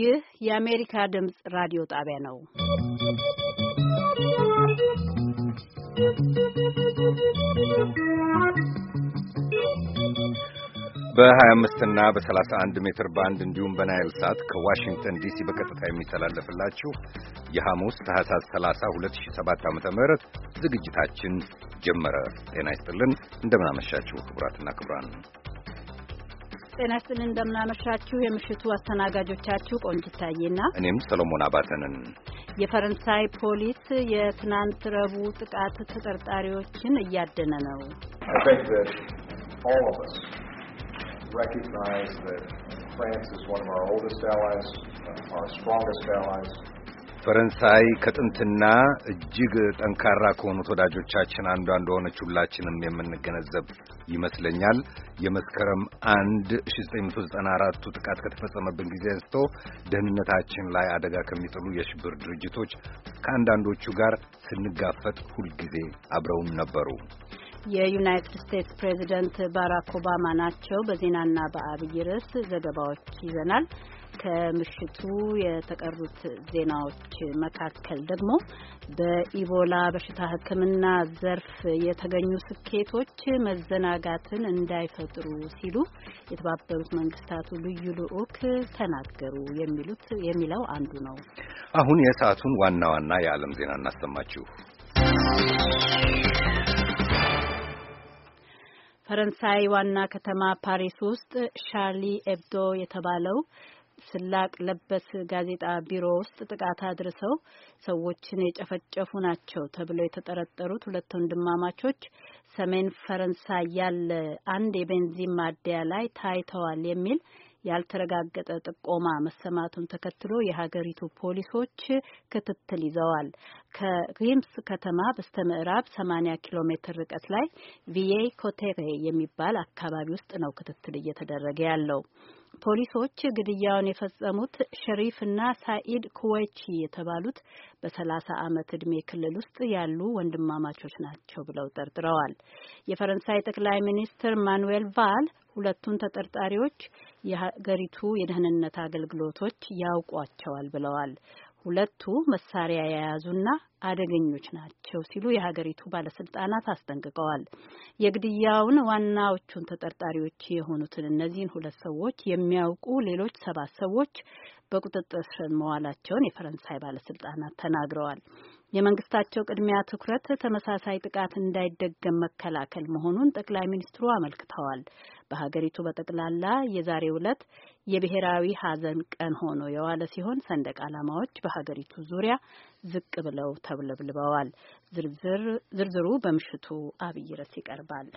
ይህ የአሜሪካ ድምፅ ራዲዮ ጣቢያ ነው። በ25 እና በ31 ሜትር ባንድ እንዲሁም በናይል ሳት ከዋሽንግተን ዲሲ በቀጥታ የሚተላለፍላችሁ የሐሙስ ታህሳስ 30 2007 ዓ.ም ዝግጅታችን ጀመረ። ጤና ይስጥልን፣ እንደምናመሻችሁ ክቡራትና ክቡራን ጤና ይስጥልን። እንደምናመሻችሁ። የምሽቱ አስተናጋጆቻችሁ ቆንጅት ታዬና እኔም ሰሎሞን አባተንን። የፈረንሳይ ፖሊስ የትናንት ረቡዕ ጥቃት ተጠርጣሪዎችን እያደነ ነው። recognize that France is one of our oldest allies, our strongest allies. ፈረንሳይ ከጥንትና እጅግ ጠንካራ ከሆኑት ወዳጆቻችን አንዷ እንደሆነች ሁላችንም የምንገነዘብ ይመስለኛል። የመስከረም 1 1994ቱ ጥቃት ከተፈጸመብን ጊዜ አንስቶ ደህንነታችን ላይ አደጋ ከሚጥሉ የሽብር ድርጅቶች ከአንዳንዶቹ ጋር ስንጋፈጥ ሁልጊዜ አብረውን ነበሩ። የዩናይትድ ስቴትስ ፕሬዚደንት ባራክ ኦባማ ናቸው። በዜናና በአብይ ርዕስ ዘገባዎች ይዘናል። ከምሽቱ የተቀሩት ዜናዎች መካከል ደግሞ በኢቦላ በሽታ ሕክምና ዘርፍ የተገኙ ስኬቶች መዘናጋትን እንዳይፈጥሩ ሲሉ የተባበሩት መንግስታቱ ልዩ ልዑክ ተናገሩ የሚሉት የሚለው አንዱ ነው። አሁን የሰዓቱን ዋና ዋና የዓለም ዜና እናሰማችሁ። ፈረንሳይ ዋና ከተማ ፓሪስ ውስጥ ሻርሊ ኤብዶ የተባለው ስላቅ ለበስ ጋዜጣ ቢሮ ውስጥ ጥቃት አድርሰው ሰዎችን የጨፈጨፉ ናቸው ተብለው የተጠረጠሩት ሁለት ወንድማማቾች ሰሜን ፈረንሳይ ያለ አንድ የቤንዚን ማደያ ላይ ታይተዋል የሚል ያልተረጋገጠ ጥቆማ መሰማቱን ተከትሎ የሀገሪቱ ፖሊሶች ክትትል ይዘዋል። ከሪምስ ከተማ በስተ ምዕራብ 80 ኪሎ ሜትር ርቀት ላይ ቪዬ ኮቴሬ የሚባል አካባቢ ውስጥ ነው ክትትል እየተደረገ ያለው። ፖሊሶች ግድያውን የፈጸሙት ሸሪፍና ሳኢድ ኩዌቺ የተባሉት በሰላሳ ዓመት ዕድሜ ክልል ውስጥ ያሉ ወንድማማቾች ናቸው ብለው ጠርጥረዋል። የፈረንሳይ ጠቅላይ ሚኒስትር ማኑዌል ቫል ሁለቱን ተጠርጣሪዎች የሀገሪቱ የደህንነት አገልግሎቶች ያውቋቸዋል ብለዋል። ሁለቱ መሳሪያ የያዙና አደገኞች ናቸው ሲሉ የሀገሪቱ ባለስልጣናት አስጠንቅቀዋል። የግድያውን ዋናዎቹን ተጠርጣሪዎች የሆኑትን እነዚህን ሁለት ሰዎች የሚያውቁ ሌሎች ሰባት ሰዎች በቁጥጥር ስር መዋላቸውን የፈረንሳይ ባለስልጣናት ተናግረዋል። የመንግስታቸው ቅድሚያ ትኩረት ተመሳሳይ ጥቃት እንዳይደገም መከላከል መሆኑን ጠቅላይ ሚኒስትሩ አመልክተዋል። በሀገሪቱ በጠቅላላ የዛሬ ዕለት የብሔራዊ ሀዘን ቀን ሆኖ የዋለ ሲሆን ሰንደቅ ዓላማዎች በሀገሪቱ ዙሪያ ዝቅ ብለው ዝርዝር ዝርዝሩ በምሽቱ አብይ ርዕስ ይቀርባል።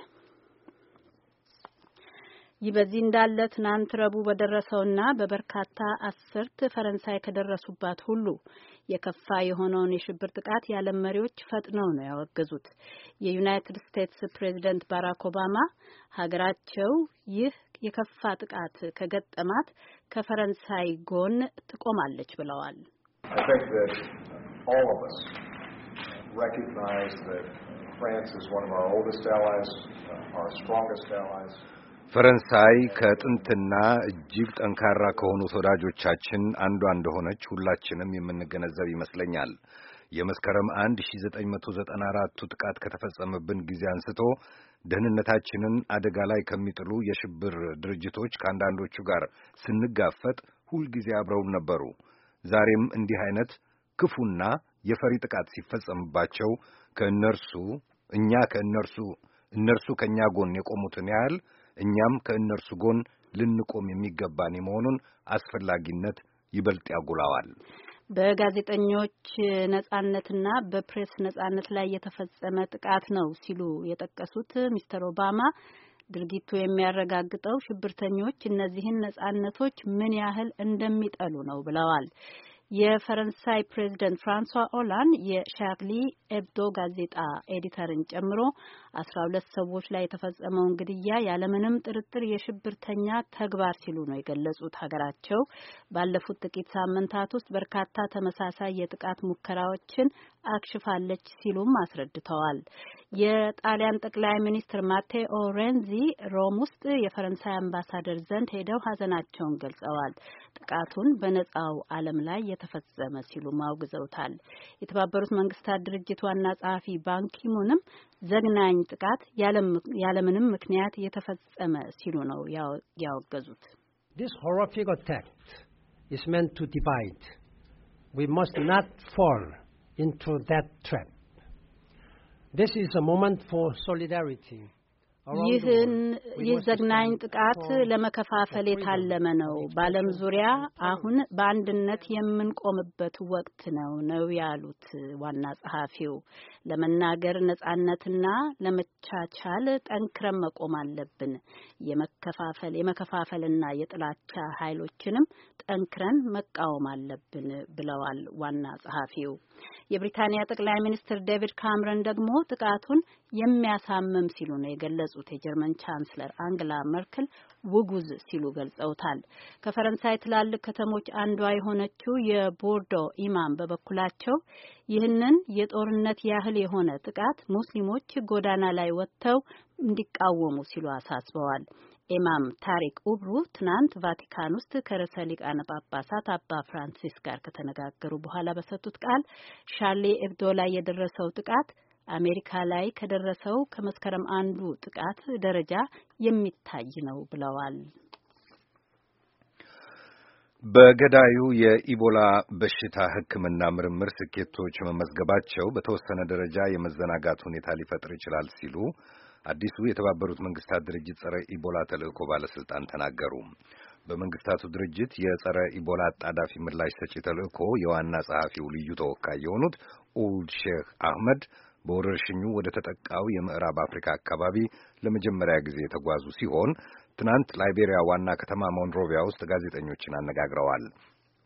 ይህ በዚህ እንዳለ ትናንት ረቡዕ በደረሰውና በበርካታ አስርት ፈረንሳይ ከደረሱባት ሁሉ የከፋ የሆነውን የሽብር ጥቃት የዓለም መሪዎች ፈጥነው ነው ያወገዙት። የዩናይትድ ስቴትስ ፕሬዚደንት ባራክ ኦባማ ሀገራቸው ይህ የከፋ ጥቃት ከገጠማት ከፈረንሳይ ጎን ትቆማለች ብለዋል። ፈረንሳይ ከጥንትና እጅግ ጠንካራ ከሆኑት ወዳጆቻችን አንዷ እንደሆነች ሁላችንም የምንገነዘብ ይመስለኛል። የመስከረም 1994ቱ ጥቃት ከተፈጸመብን ጊዜ አንስቶ ደህንነታችንን አደጋ ላይ ከሚጥሉ የሽብር ድርጅቶች ከአንዳንዶቹ ጋር ስንጋፈጥ ሁልጊዜ አብረውን ነበሩ። ዛሬም እንዲህ አይነት ክፉና የፈሪ ጥቃት ሲፈጸምባቸው ከእነርሱ እኛ ከእነርሱ እነርሱ ከእኛ ጎን የቆሙትን ያህል እኛም ከእነርሱ ጎን ልንቆም የሚገባን የመሆኑን አስፈላጊነት ይበልጥ ያጉላዋል። በጋዜጠኞች ነጻነትና በፕሬስ ነጻነት ላይ የተፈጸመ ጥቃት ነው ሲሉ የጠቀሱት ሚስተር ኦባማ ድርጊቱ የሚያረጋግጠው ሽብርተኞች እነዚህን ነጻነቶች ምን ያህል እንደሚጠሉ ነው ብለዋል። የፈረንሳይ ፕሬዚደንት ፍራንሷ ኦላንድ የሻርሊ ኤብዶ ጋዜጣ ኤዲተርን ጨምሮ አስራ ሁለት ሰዎች ላይ የተፈጸመውን ግድያ ያለምንም ጥርጥር የሽብርተኛ ተግባር ሲሉ ነው የገለጹት። ሀገራቸው ባለፉት ጥቂት ሳምንታት ውስጥ በርካታ ተመሳሳይ የጥቃት ሙከራዎችን አክሽፋለች ሲሉም አስረድተዋል። የጣሊያን ጠቅላይ ሚኒስትር ማቴኦ ሬንዚ ሮም ውስጥ የፈረንሳይ አምባሳደር ዘንድ ሄደው ሀዘናቸውን ገልጸዋል። ጥቃቱን በነጻው ዓለም ላይ የተፈጸመ ሲሉም አውግዘውታል። የተባበሩት መንግስታት ድርጅት ዋና ጸሐፊ ባንኪሙንም ዘግናኝ ጥቃት ያለምንም ምክንያት የተፈጸመ ሲሉ ነው ያወገዙት። This horrific attack is meant to divide. We must not fall into that trap. This is a moment for solidarity. ይህን ይህ ዘግናኝ ጥቃት ለመከፋፈል የታለመ ነው። በዓለም ዙሪያ አሁን በአንድነት የምንቆምበት ወቅት ነው ነው ያሉት ዋና ጸሐፊው። ለመናገር ነጻነትና ለመቻቻል ጠንክረን መቆም አለብን። የመከፋፈል የመከፋፈልና የጥላቻ ኃይሎችንም ጠንክረን መቃወም አለብን ብለዋል ዋና ጸሐፊው። የብሪታንያ ጠቅላይ ሚኒስትር ዴቪድ ካምረን ደግሞ ጥቃቱን የሚያሳምም ሲሉ ነው የገለጹ የገለጹት የጀርመን ቻንስለር አንግላ መርክል ውጉዝ ሲሉ ገልጸውታል። ከፈረንሳይ ትላልቅ ከተሞች አንዷ የሆነችው የቦርዶ ኢማም በበኩላቸው ይህንን የጦርነት ያህል የሆነ ጥቃት ሙስሊሞች ጎዳና ላይ ወጥተው እንዲቃወሙ ሲሉ አሳስበዋል። ኢማም ታሪክ ኡብሩ ትናንት ቫቲካን ውስጥ ከርዕሰ ሊቃነ ጳጳሳት አባ ፍራንሲስ ጋር ከተነጋገሩ በኋላ በሰጡት ቃል ሻርሊ ኤብዶ ላይ የደረሰው ጥቃት አሜሪካ ላይ ከደረሰው ከመስከረም አንዱ ጥቃት ደረጃ የሚታይ ነው ብለዋል። በገዳዩ የኢቦላ በሽታ ሕክምና ምርምር ስኬቶች መመዝገባቸው በተወሰነ ደረጃ የመዘናጋት ሁኔታ ሊፈጥር ይችላል ሲሉ አዲሱ የተባበሩት መንግስታት ድርጅት ጸረ ኢቦላ ተልእኮ ባለስልጣን ተናገሩ። በመንግስታቱ ድርጅት የጸረ ኢቦላ አጣዳፊ ምላሽ ሰጪ ተልእኮ የዋና ጸሐፊው ልዩ ተወካይ የሆኑት ኡልድ ሼህ አህመድ በወረርሽኙ ወደ ተጠቃው የምዕራብ አፍሪካ አካባቢ ለመጀመሪያ ጊዜ የተጓዙ ሲሆን ትናንት ላይቤሪያ ዋና ከተማ ሞንሮቪያ ውስጥ ጋዜጠኞችን አነጋግረዋል።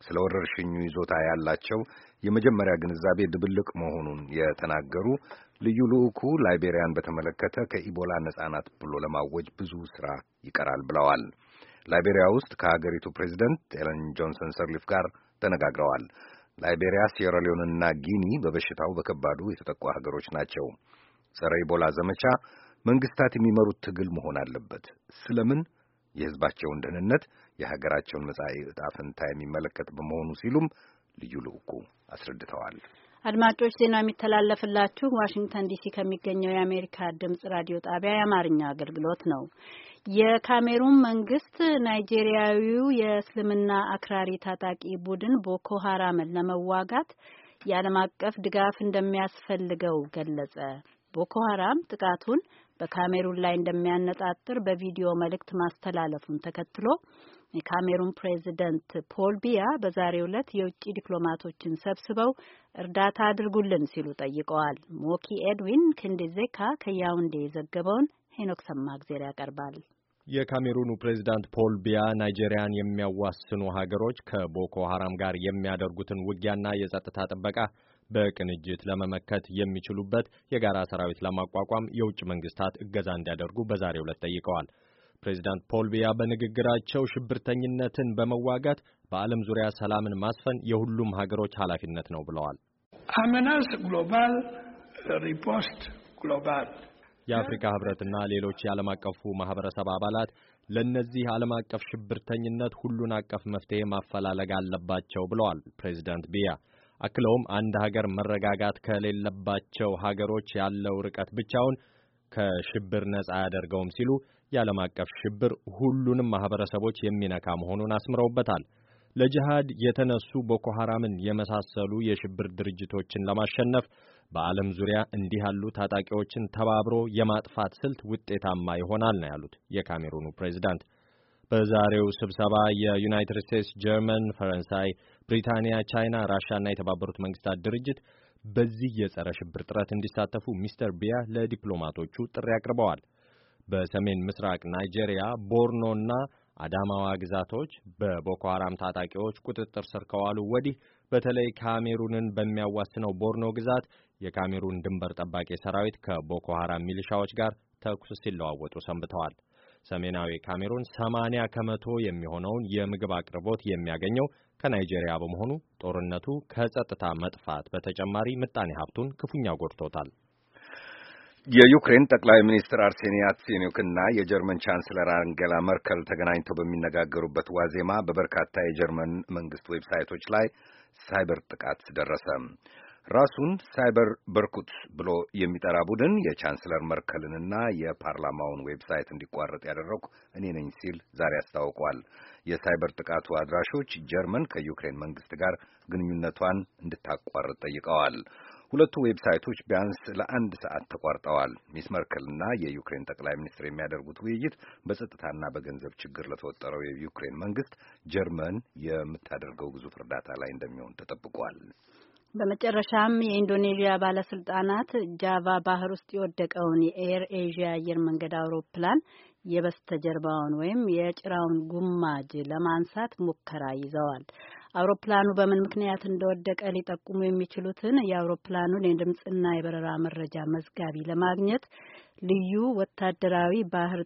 ስለ ወረርሽኙ ይዞታ ያላቸው የመጀመሪያ ግንዛቤ ድብልቅ መሆኑን የተናገሩ ልዩ ልዑኩ ላይቤሪያን በተመለከተ ከኢቦላ ነፃ ናት ብሎ ለማወጅ ብዙ ስራ ይቀራል ብለዋል። ላይቤሪያ ውስጥ ከሀገሪቱ ፕሬዚደንት ኤለን ጆንሰን ሰርሊፍ ጋር ተነጋግረዋል። ላይቤሪያ፣ ሴራሊዮንና ጊኒ በበሽታው በከባዱ የተጠቁ ሀገሮች ናቸው። ጸረ ኢቦላ ዘመቻ መንግስታት የሚመሩት ትግል መሆን አለበት። ስለምን የህዝባቸውን ደህንነት፣ የሀገራቸውን መጻኢ ዕጣ ፈንታ የሚመለከት በመሆኑ ሲሉም ልዩ ልዑኩ አስረድተዋል። አድማጮች ዜናው የሚተላለፍላችሁ ዋሽንግተን ዲሲ ከሚገኘው የአሜሪካ ድምጽ ራዲዮ ጣቢያ የአማርኛ አገልግሎት ነው። የካሜሩን መንግስት ናይጄሪያዊው የእስልምና አክራሪ ታጣቂ ቡድን ቦኮ ሀራምን ለመዋጋት የዓለም አቀፍ ድጋፍ እንደሚያስፈልገው ገለጸ። ቦኮ ሀራም ጥቃቱን በካሜሩን ላይ እንደሚያነጣጥር በቪዲዮ መልእክት ማስተላለፉን ተከትሎ የካሜሩን ፕሬዚደንት ፖል ቢያ በዛሬው ዕለት የውጭ ዲፕሎማቶችን ሰብስበው እርዳታ አድርጉልን ሲሉ ጠይቀዋል። ሞኪ ኤድዊን ክንዲዜካ ከያውንዴ የዘገበውን ሄኖክ ሰማግዜር ያቀርባል። የካሜሩኑ ፕሬዚዳንት ፖል ቢያ ናይጄሪያን የሚያዋስኑ ሀገሮች ከቦኮ ሀራም ጋር የሚያደርጉትን ውጊያና የጸጥታ ጥበቃ በቅንጅት ለመመከት የሚችሉበት የጋራ ሰራዊት ለማቋቋም የውጭ መንግስታት እገዛ እንዲያደርጉ በዛሬው ዕለት ጠይቀዋል። ፕሬዚዳንት ፖል ቢያ በንግግራቸው ሽብርተኝነትን በመዋጋት በዓለም ዙሪያ ሰላምን ማስፈን የሁሉም ሀገሮች ኃላፊነት ነው ብለዋል። አመናስ ግሎባል ሪፖስት ግሎባል የአፍሪካ ህብረትና ሌሎች የዓለም አቀፉ ማህበረሰብ አባላት ለእነዚህ ዓለም አቀፍ ሽብርተኝነት ሁሉን አቀፍ መፍትሄ ማፈላለግ አለባቸው ብለዋል ፕሬዚዳንት ቢያ። አክለውም አንድ ሀገር መረጋጋት ከሌለባቸው ሀገሮች ያለው ርቀት ብቻውን ከሽብር ነጻ አያደርገውም ሲሉ የዓለም አቀፍ ሽብር ሁሉንም ማህበረሰቦች የሚነካ መሆኑን አስምረውበታል። ለጅሃድ የተነሱ ቦኮ ሐራምን የመሳሰሉ የሽብር ድርጅቶችን ለማሸነፍ በዓለም ዙሪያ እንዲህ ያሉ ታጣቂዎችን ተባብሮ የማጥፋት ስልት ውጤታማ ይሆናል ነው ያሉት የካሜሩኑ ፕሬዚዳንት። በዛሬው ስብሰባ የዩናይትድ ስቴትስ፣ ጀርመን፣ ፈረንሳይ፣ ብሪታንያ፣ ቻይና፣ ራሻና የተባበሩት መንግስታት ድርጅት በዚህ የጸረ ሽብር ጥረት እንዲሳተፉ ሚስተር ቢያ ለዲፕሎማቶቹ ጥሪ አቅርበዋል። በሰሜን ምስራቅ ናይጄሪያ ቦርኖና አዳማዋ ግዛቶች በቦኮ ሐራም ታጣቂዎች ቁጥጥር ስር ከዋሉ ወዲህ በተለይ ካሜሩንን በሚያዋስነው ቦርኖ ግዛት የካሜሩን ድንበር ጠባቂ ሰራዊት ከቦኮ ሐራም ሚሊሻዎች ጋር ተኩስ ሲለዋወጡ ሰንብተዋል። ሰሜናዊ ካሜሩን 80 ከመቶ የሚሆነውን የምግብ አቅርቦት የሚያገኘው ከናይጄሪያ በመሆኑ ጦርነቱ ከጸጥታ መጥፋት በተጨማሪ ምጣኔ ሀብቱን ክፉኛ ጎድቶታል። የዩክሬን ጠቅላይ ሚኒስትር አርሴኒ ያትሴኒዩክና የጀርመን ቻንስለር አንጌላ መርከል ተገናኝተው በሚነጋገሩበት ዋዜማ በበርካታ የጀርመን መንግስት ዌብሳይቶች ላይ ሳይበር ጥቃት ደረሰ። ራሱን ሳይበር በርኩት ብሎ የሚጠራ ቡድን የቻንስለር መርከልንና የፓርላማውን ዌብሳይት እንዲቋረጥ ያደረግኩ እኔ ነኝ ሲል ዛሬ አስታውቋል። የሳይበር ጥቃቱ አድራሾች ጀርመን ከዩክሬን መንግስት ጋር ግንኙነቷን እንድታቋርጥ ጠይቀዋል። ሁለቱ ዌብሳይቶች ቢያንስ ለአንድ ሰዓት ተቋርጠዋል። ሚስ መርከልና የዩክሬን ጠቅላይ ሚኒስትር የሚያደርጉት ውይይት በጸጥታና በገንዘብ ችግር ለተወጠረው የዩክሬን መንግስት ጀርመን የምታደርገው ግዙፍ እርዳታ ላይ እንደሚሆን ተጠብቋል። በመጨረሻም የኢንዶኔዥያ ባለስልጣናት ጃቫ ባህር ውስጥ የወደቀውን የኤር ኤዥያ አየር መንገድ አውሮፕላን የበስተጀርባውን ወይም የጭራውን ጉማጅ ለማንሳት ሙከራ ይዘዋል። አውሮፕላኑ በምን ምክንያት እንደወደቀ ሊጠቁሙ የሚችሉትን የአውሮፕላኑን የድምፅና የበረራ መረጃ መዝጋቢ ለማግኘት ልዩ ወታደራዊ ባህር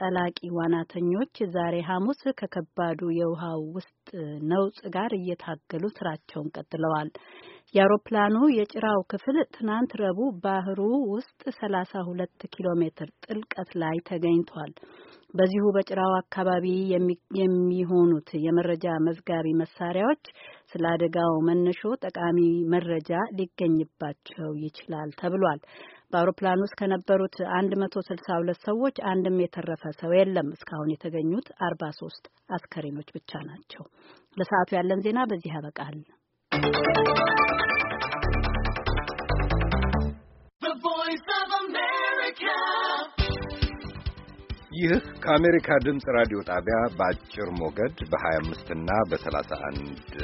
ጠላቂ ዋናተኞች ዛሬ ሐሙስ ከከባዱ የውሃው ውስጥ ነውጥ ጋር እየታገሉ ስራቸውን ቀጥለዋል። የአውሮፕላኑ የጭራው ክፍል ትናንት ረቡዕ ባህሩ ውስጥ 32 ኪሎ ሜትር ጥልቀት ላይ ተገኝቷል። በዚሁ በጭራው አካባቢ የሚሆኑት የመረጃ መዝጋቢ መሳሪያዎች ስለ አደጋው መነሾ ጠቃሚ መረጃ ሊገኝባቸው ይችላል ተብሏል። በአውሮፕላን ውስጥ ከነበሩት 162 ሰዎች አንድም የተረፈ ሰው የለም። እስካሁን የተገኙት 43 አስከሬኖች ብቻ ናቸው። ለሰዓቱ ያለን ዜና በዚህ ያበቃል። ይህ ከአሜሪካ ድምፅ ራዲዮ ጣቢያ በአጭር ሞገድ በ25 እና በ31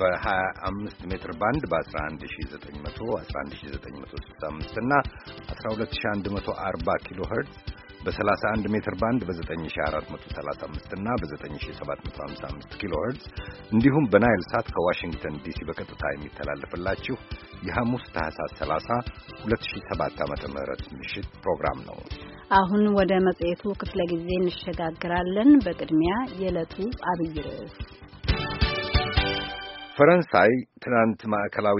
በ25 ሜትር ባንድ በ11900 11965 እና 12140 ኪሎ ሄርትዝ በ31 ሜትር ባንድ በ9435 እና በ9755 ኪሎ ሄርትዝ እንዲሁም በናይል ሳት ከዋሽንግተን ዲሲ በቀጥታ የሚተላለፍላችሁ የሐሙስ ታህሳስ 30 2007 ዓ.ም ምሽት ፕሮግራም ነው። አሁን ወደ መጽሔቱ ክፍለ ጊዜ እንሸጋግራለን። በቅድሚያ የዕለቱ አብይ ርዕስ ፈረንሳይ ትናንት ማዕከላዊ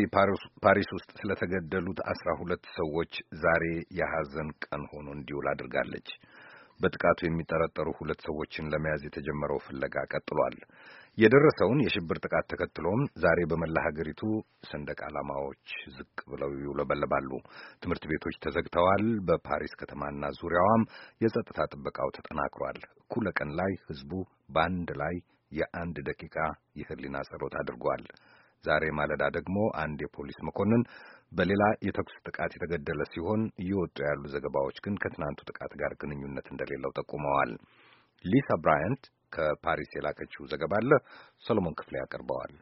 ፓሪስ ውስጥ ስለተገደሉት አስራ ሁለት ሰዎች ዛሬ የሐዘን ቀን ሆኖ እንዲውል አድርጋለች። በጥቃቱ የሚጠረጠሩ ሁለት ሰዎችን ለመያዝ የተጀመረው ፍለጋ ቀጥሏል። የደረሰውን የሽብር ጥቃት ተከትሎም ዛሬ በመላ ሀገሪቱ ሰንደቅ ዓላማዎች ዝቅ ብለው ይውለበለባሉ። ትምህርት ቤቶች ተዘግተዋል። በፓሪስ ከተማና ዙሪያዋም የጸጥታ ጥበቃው ተጠናክሯል። እኩለ ቀን ላይ ህዝቡ በአንድ ላይ የአንድ ደቂቃ የህሊና ጸሎት አድርጓል። ዛሬ ማለዳ ደግሞ አንድ የፖሊስ መኮንን በሌላ የተኩስ ጥቃት የተገደለ ሲሆን እየወጡ ያሉ ዘገባዎች ግን ከትናንቱ ጥቃት ጋር ግንኙነት እንደሌለው ጠቁመዋል። ሊሳ ብራያንት ከፓሪስ የላከችው ዘገባ አለ። ሰሎሞን ክፍሌ ያቀርበዋል።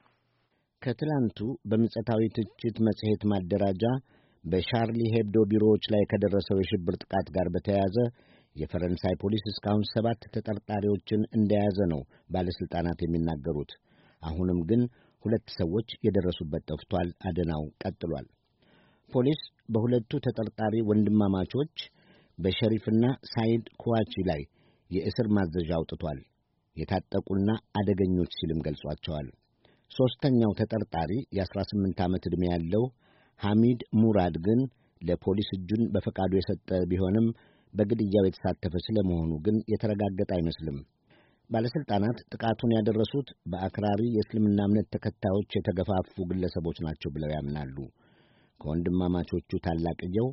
ከትላንቱ በምጸታዊ ትችት መጽሔት ማደራጃ በሻርሊ ሄብዶ ቢሮዎች ላይ ከደረሰው የሽብር ጥቃት ጋር በተያያዘ የፈረንሳይ ፖሊስ እስካሁን ሰባት ተጠርጣሪዎችን እንደያዘ ነው ባለሥልጣናት የሚናገሩት። አሁንም ግን ሁለት ሰዎች የደረሱበት ጠፍቷል። አደናው ቀጥሏል። ፖሊስ በሁለቱ ተጠርጣሪ ወንድማማቾች በሸሪፍና ሳይድ ኩዋቺ ላይ የእስር ማዘዣ አውጥቷል። የታጠቁና አደገኞች ሲልም ገልጿቸዋል። ሦስተኛው ተጠርጣሪ የ18 ዓመት ዕድሜ ያለው ሐሚድ ሙራድ ግን ለፖሊስ እጁን በፈቃዱ የሰጠ ቢሆንም በግድያው የተሳተፈ ስለመሆኑ ግን የተረጋገጠ አይመስልም። ባለሥልጣናት ጥቃቱን ያደረሱት በአክራሪ የእስልምና እምነት ተከታዮች የተገፋፉ ግለሰቦች ናቸው ብለው ያምናሉ። ከወንድማማቾቹ ታላቅየው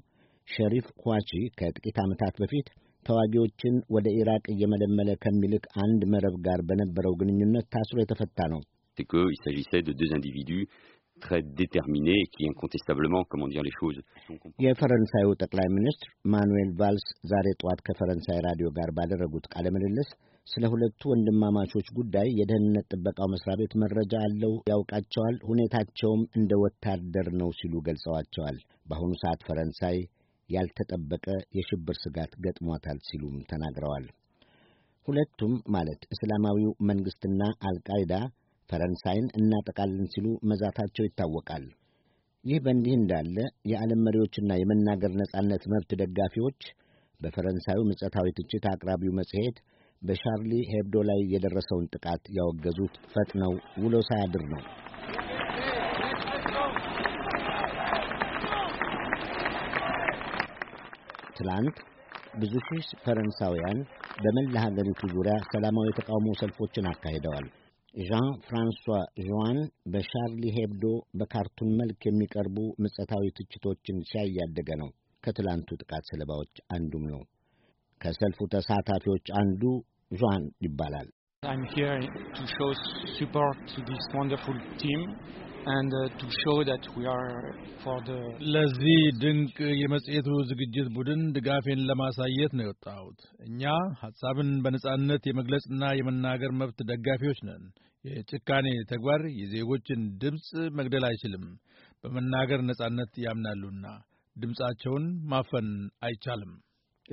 ሸሪፍ ኳቺ ከጥቂት ዓመታት በፊት ተዋጊዎችን ወደ ኢራቅ እየመለመለ ከሚልክ አንድ መረብ ጋር በነበረው ግንኙነት ታስሮ የተፈታ ነው። très déterminé et qui incontestablement, comment dire les choses. የፈረንሳዩ ጠቅላይ ሚኒስትር ማኑኤል ቫልስ ዛሬ ጠዋት ከፈረንሳይ ራዲዮ ጋር ባደረጉት ቃለ ምልልስ ስለ ሁለቱ ወንድማማቾች ጉዳይ የደህንነት ጥበቃው መስሪያ ቤት መረጃ አለው፣ ያውቃቸዋል፣ ሁኔታቸውም እንደ ወታደር ነው ሲሉ ገልጸዋቸዋል። በአሁኑ ሰዓት ፈረንሳይ ያልተጠበቀ የሽብር ስጋት ገጥሟታል ሲሉም ተናግረዋል። ሁለቱም ማለት እስላማዊው መንግስትና አልቃይዳ ፈረንሳይን እናጠቃለን ሲሉ መዛታቸው ይታወቃል። ይህ በእንዲህ እንዳለ የዓለም መሪዎችና የመናገር ነጻነት መብት ደጋፊዎች በፈረንሳዩ ምጸታዊ ትችት አቅራቢው መጽሔት በሻርሊ ሄብዶ ላይ የደረሰውን ጥቃት ያወገዙት ፈጥነው ውሎ ሳያድር ነው። ትላንት ብዙ ሺህ ፈረንሳውያን በመላ ሀገሪቱ ዙሪያ ሰላማዊ የተቃውሞ ሰልፎችን አካሂደዋል። ዣን ፍራንሷ ዦዋን በሻርሊ ሄብዶ በካርቱን መልክ የሚቀርቡ ምጸታዊ ትችቶችን ሲያያደገ ነው። ከትላንቱ ጥቃት ሰለባዎች አንዱም ነው። ከሰልፉ ተሳታፊዎች አንዱ ዣን ይባላል። uh, ለዚህ ድንቅ የመጽሔቱ ዝግጅት ቡድን ድጋፌን ለማሳየት ነው የወጣሁት። እኛ ሐሳብን በነጻነት የመግለጽና የመናገር መብት ደጋፊዎች ነን። የጭካኔ ተግባር የዜጎችን ድምፅ መግደል አይችልም። በመናገር ነጻነት ያምናሉና ድምፃቸውን ማፈን አይቻልም።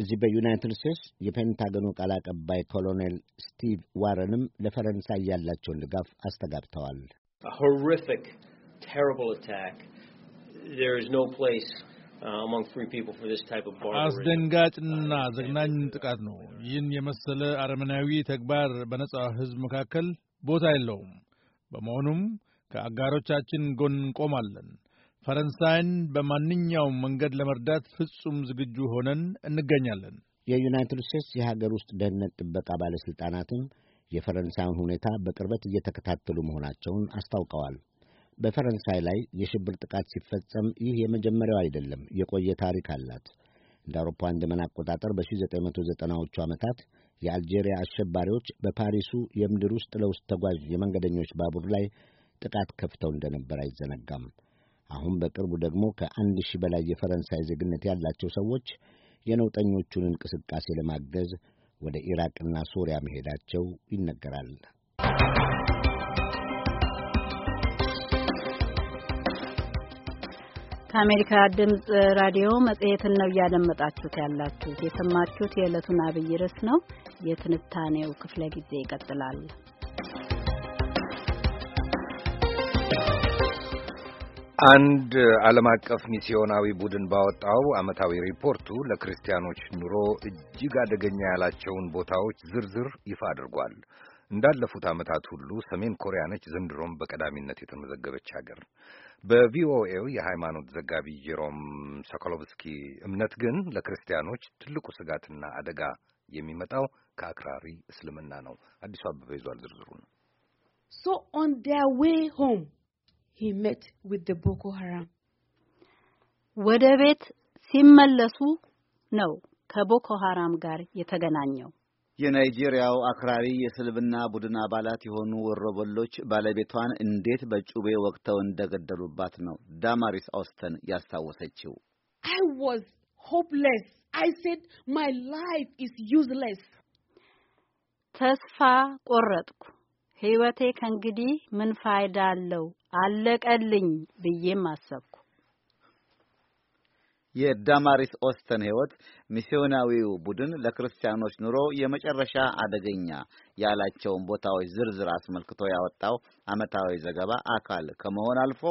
እዚህ በዩናይትድ ስቴትስ የፔንታገኑ ቃል አቀባይ ኮሎኔል ስቲቭ ዋረንም ለፈረንሳይ ያላቸውን ድጋፍ አስተጋብተዋል። uh, አስደንጋጭና ዘግናኝ ጥቃት ነው። ይህን የመሰለ አረመናዊ ተግባር በነጻ ሕዝብ መካከል ቦታ የለውም። በመሆኑም ከአጋሮቻችን ጎን እንቆማለን። ፈረንሳይን በማንኛውም መንገድ ለመርዳት ፍጹም ዝግጁ ሆነን እንገኛለን። የዩናይትድ ስቴትስ የሀገር ውስጥ ደህንነት ጥበቃ ባለሥልጣናትም የፈረንሳይን ሁኔታ በቅርበት እየተከታተሉ መሆናቸውን አስታውቀዋል። በፈረንሳይ ላይ የሽብር ጥቃት ሲፈጸም ይህ የመጀመሪያው አይደለም፣ የቆየ ታሪክ አላት። እንደ አውሮፓውያን ዘመን አቆጣጠር በ1990ዎቹ ዓመታት የአልጄሪያ አሸባሪዎች በፓሪሱ የምድር ውስጥ ለውስጥ ተጓዥ የመንገደኞች ባቡር ላይ ጥቃት ከፍተው እንደነበር አይዘነጋም። አሁን በቅርቡ ደግሞ ከአንድ ሺህ በላይ የፈረንሳይ ዜግነት ያላቸው ሰዎች የነውጠኞቹን እንቅስቃሴ ለማገዝ ወደ ኢራቅና ሶሪያ መሄዳቸው ይነገራል። ከአሜሪካ ድምፅ ራዲዮ መጽሔትን ነው እያደመጣችሁት ያላችሁት። የሰማችሁት የዕለቱን አብይ ርዕስ ነው። የትንታኔው ክፍለ ጊዜ ይቀጥላል። አንድ ዓለም አቀፍ ሚስዮናዊ ቡድን ባወጣው ዓመታዊ ሪፖርቱ ለክርስቲያኖች ኑሮ እጅግ አደገኛ ያላቸውን ቦታዎች ዝርዝር ይፋ አድርጓል። እንዳለፉት ዓመታት ሁሉ ሰሜን ኮሪያ ነች ዘንድሮም በቀዳሚነት የተመዘገበች ሀገር። በቪኦኤው የሃይማኖት ዘጋቢ ጄሮም ሶኮሎቭስኪ እምነት ግን ለክርስቲያኖች ትልቁ ስጋትና አደጋ የሚመጣው ከአክራሪ እስልምና ነው። አዲሱ አበበ ይዟል ዝርዝሩን። ሶ ኦን ዴር ዌይ ሆም ሂ ሜት ዊዝ ቦኮ ሃራም። ወደ ቤት ሲመለሱ ነው ከቦኮ ሃራም ጋር የተገናኘው። የናይጄሪያው አክራሪ የስልብና ቡድን አባላት የሆኑ ወሮበሎች ባለቤቷን እንዴት በጩቤ ወቅተው እንደገደሉባት ነው ዳማሪስ ኦስተን ያስታወሰችው። I was hopeless. I said my ተስፋ ቆረጥኩ። ህይወቴ ከእንግዲህ ምን ፋይዳ አለው? አለቀልኝ ብዬም አሰብኩ። የዳማሪስ ኦስተን ሕይወት ሚስዮናዊው ቡድን ለክርስቲያኖች ኑሮ የመጨረሻ አደገኛ ያላቸውን ቦታዎች ዝርዝር አስመልክቶ ያወጣው ዓመታዊ ዘገባ አካል ከመሆን አልፎ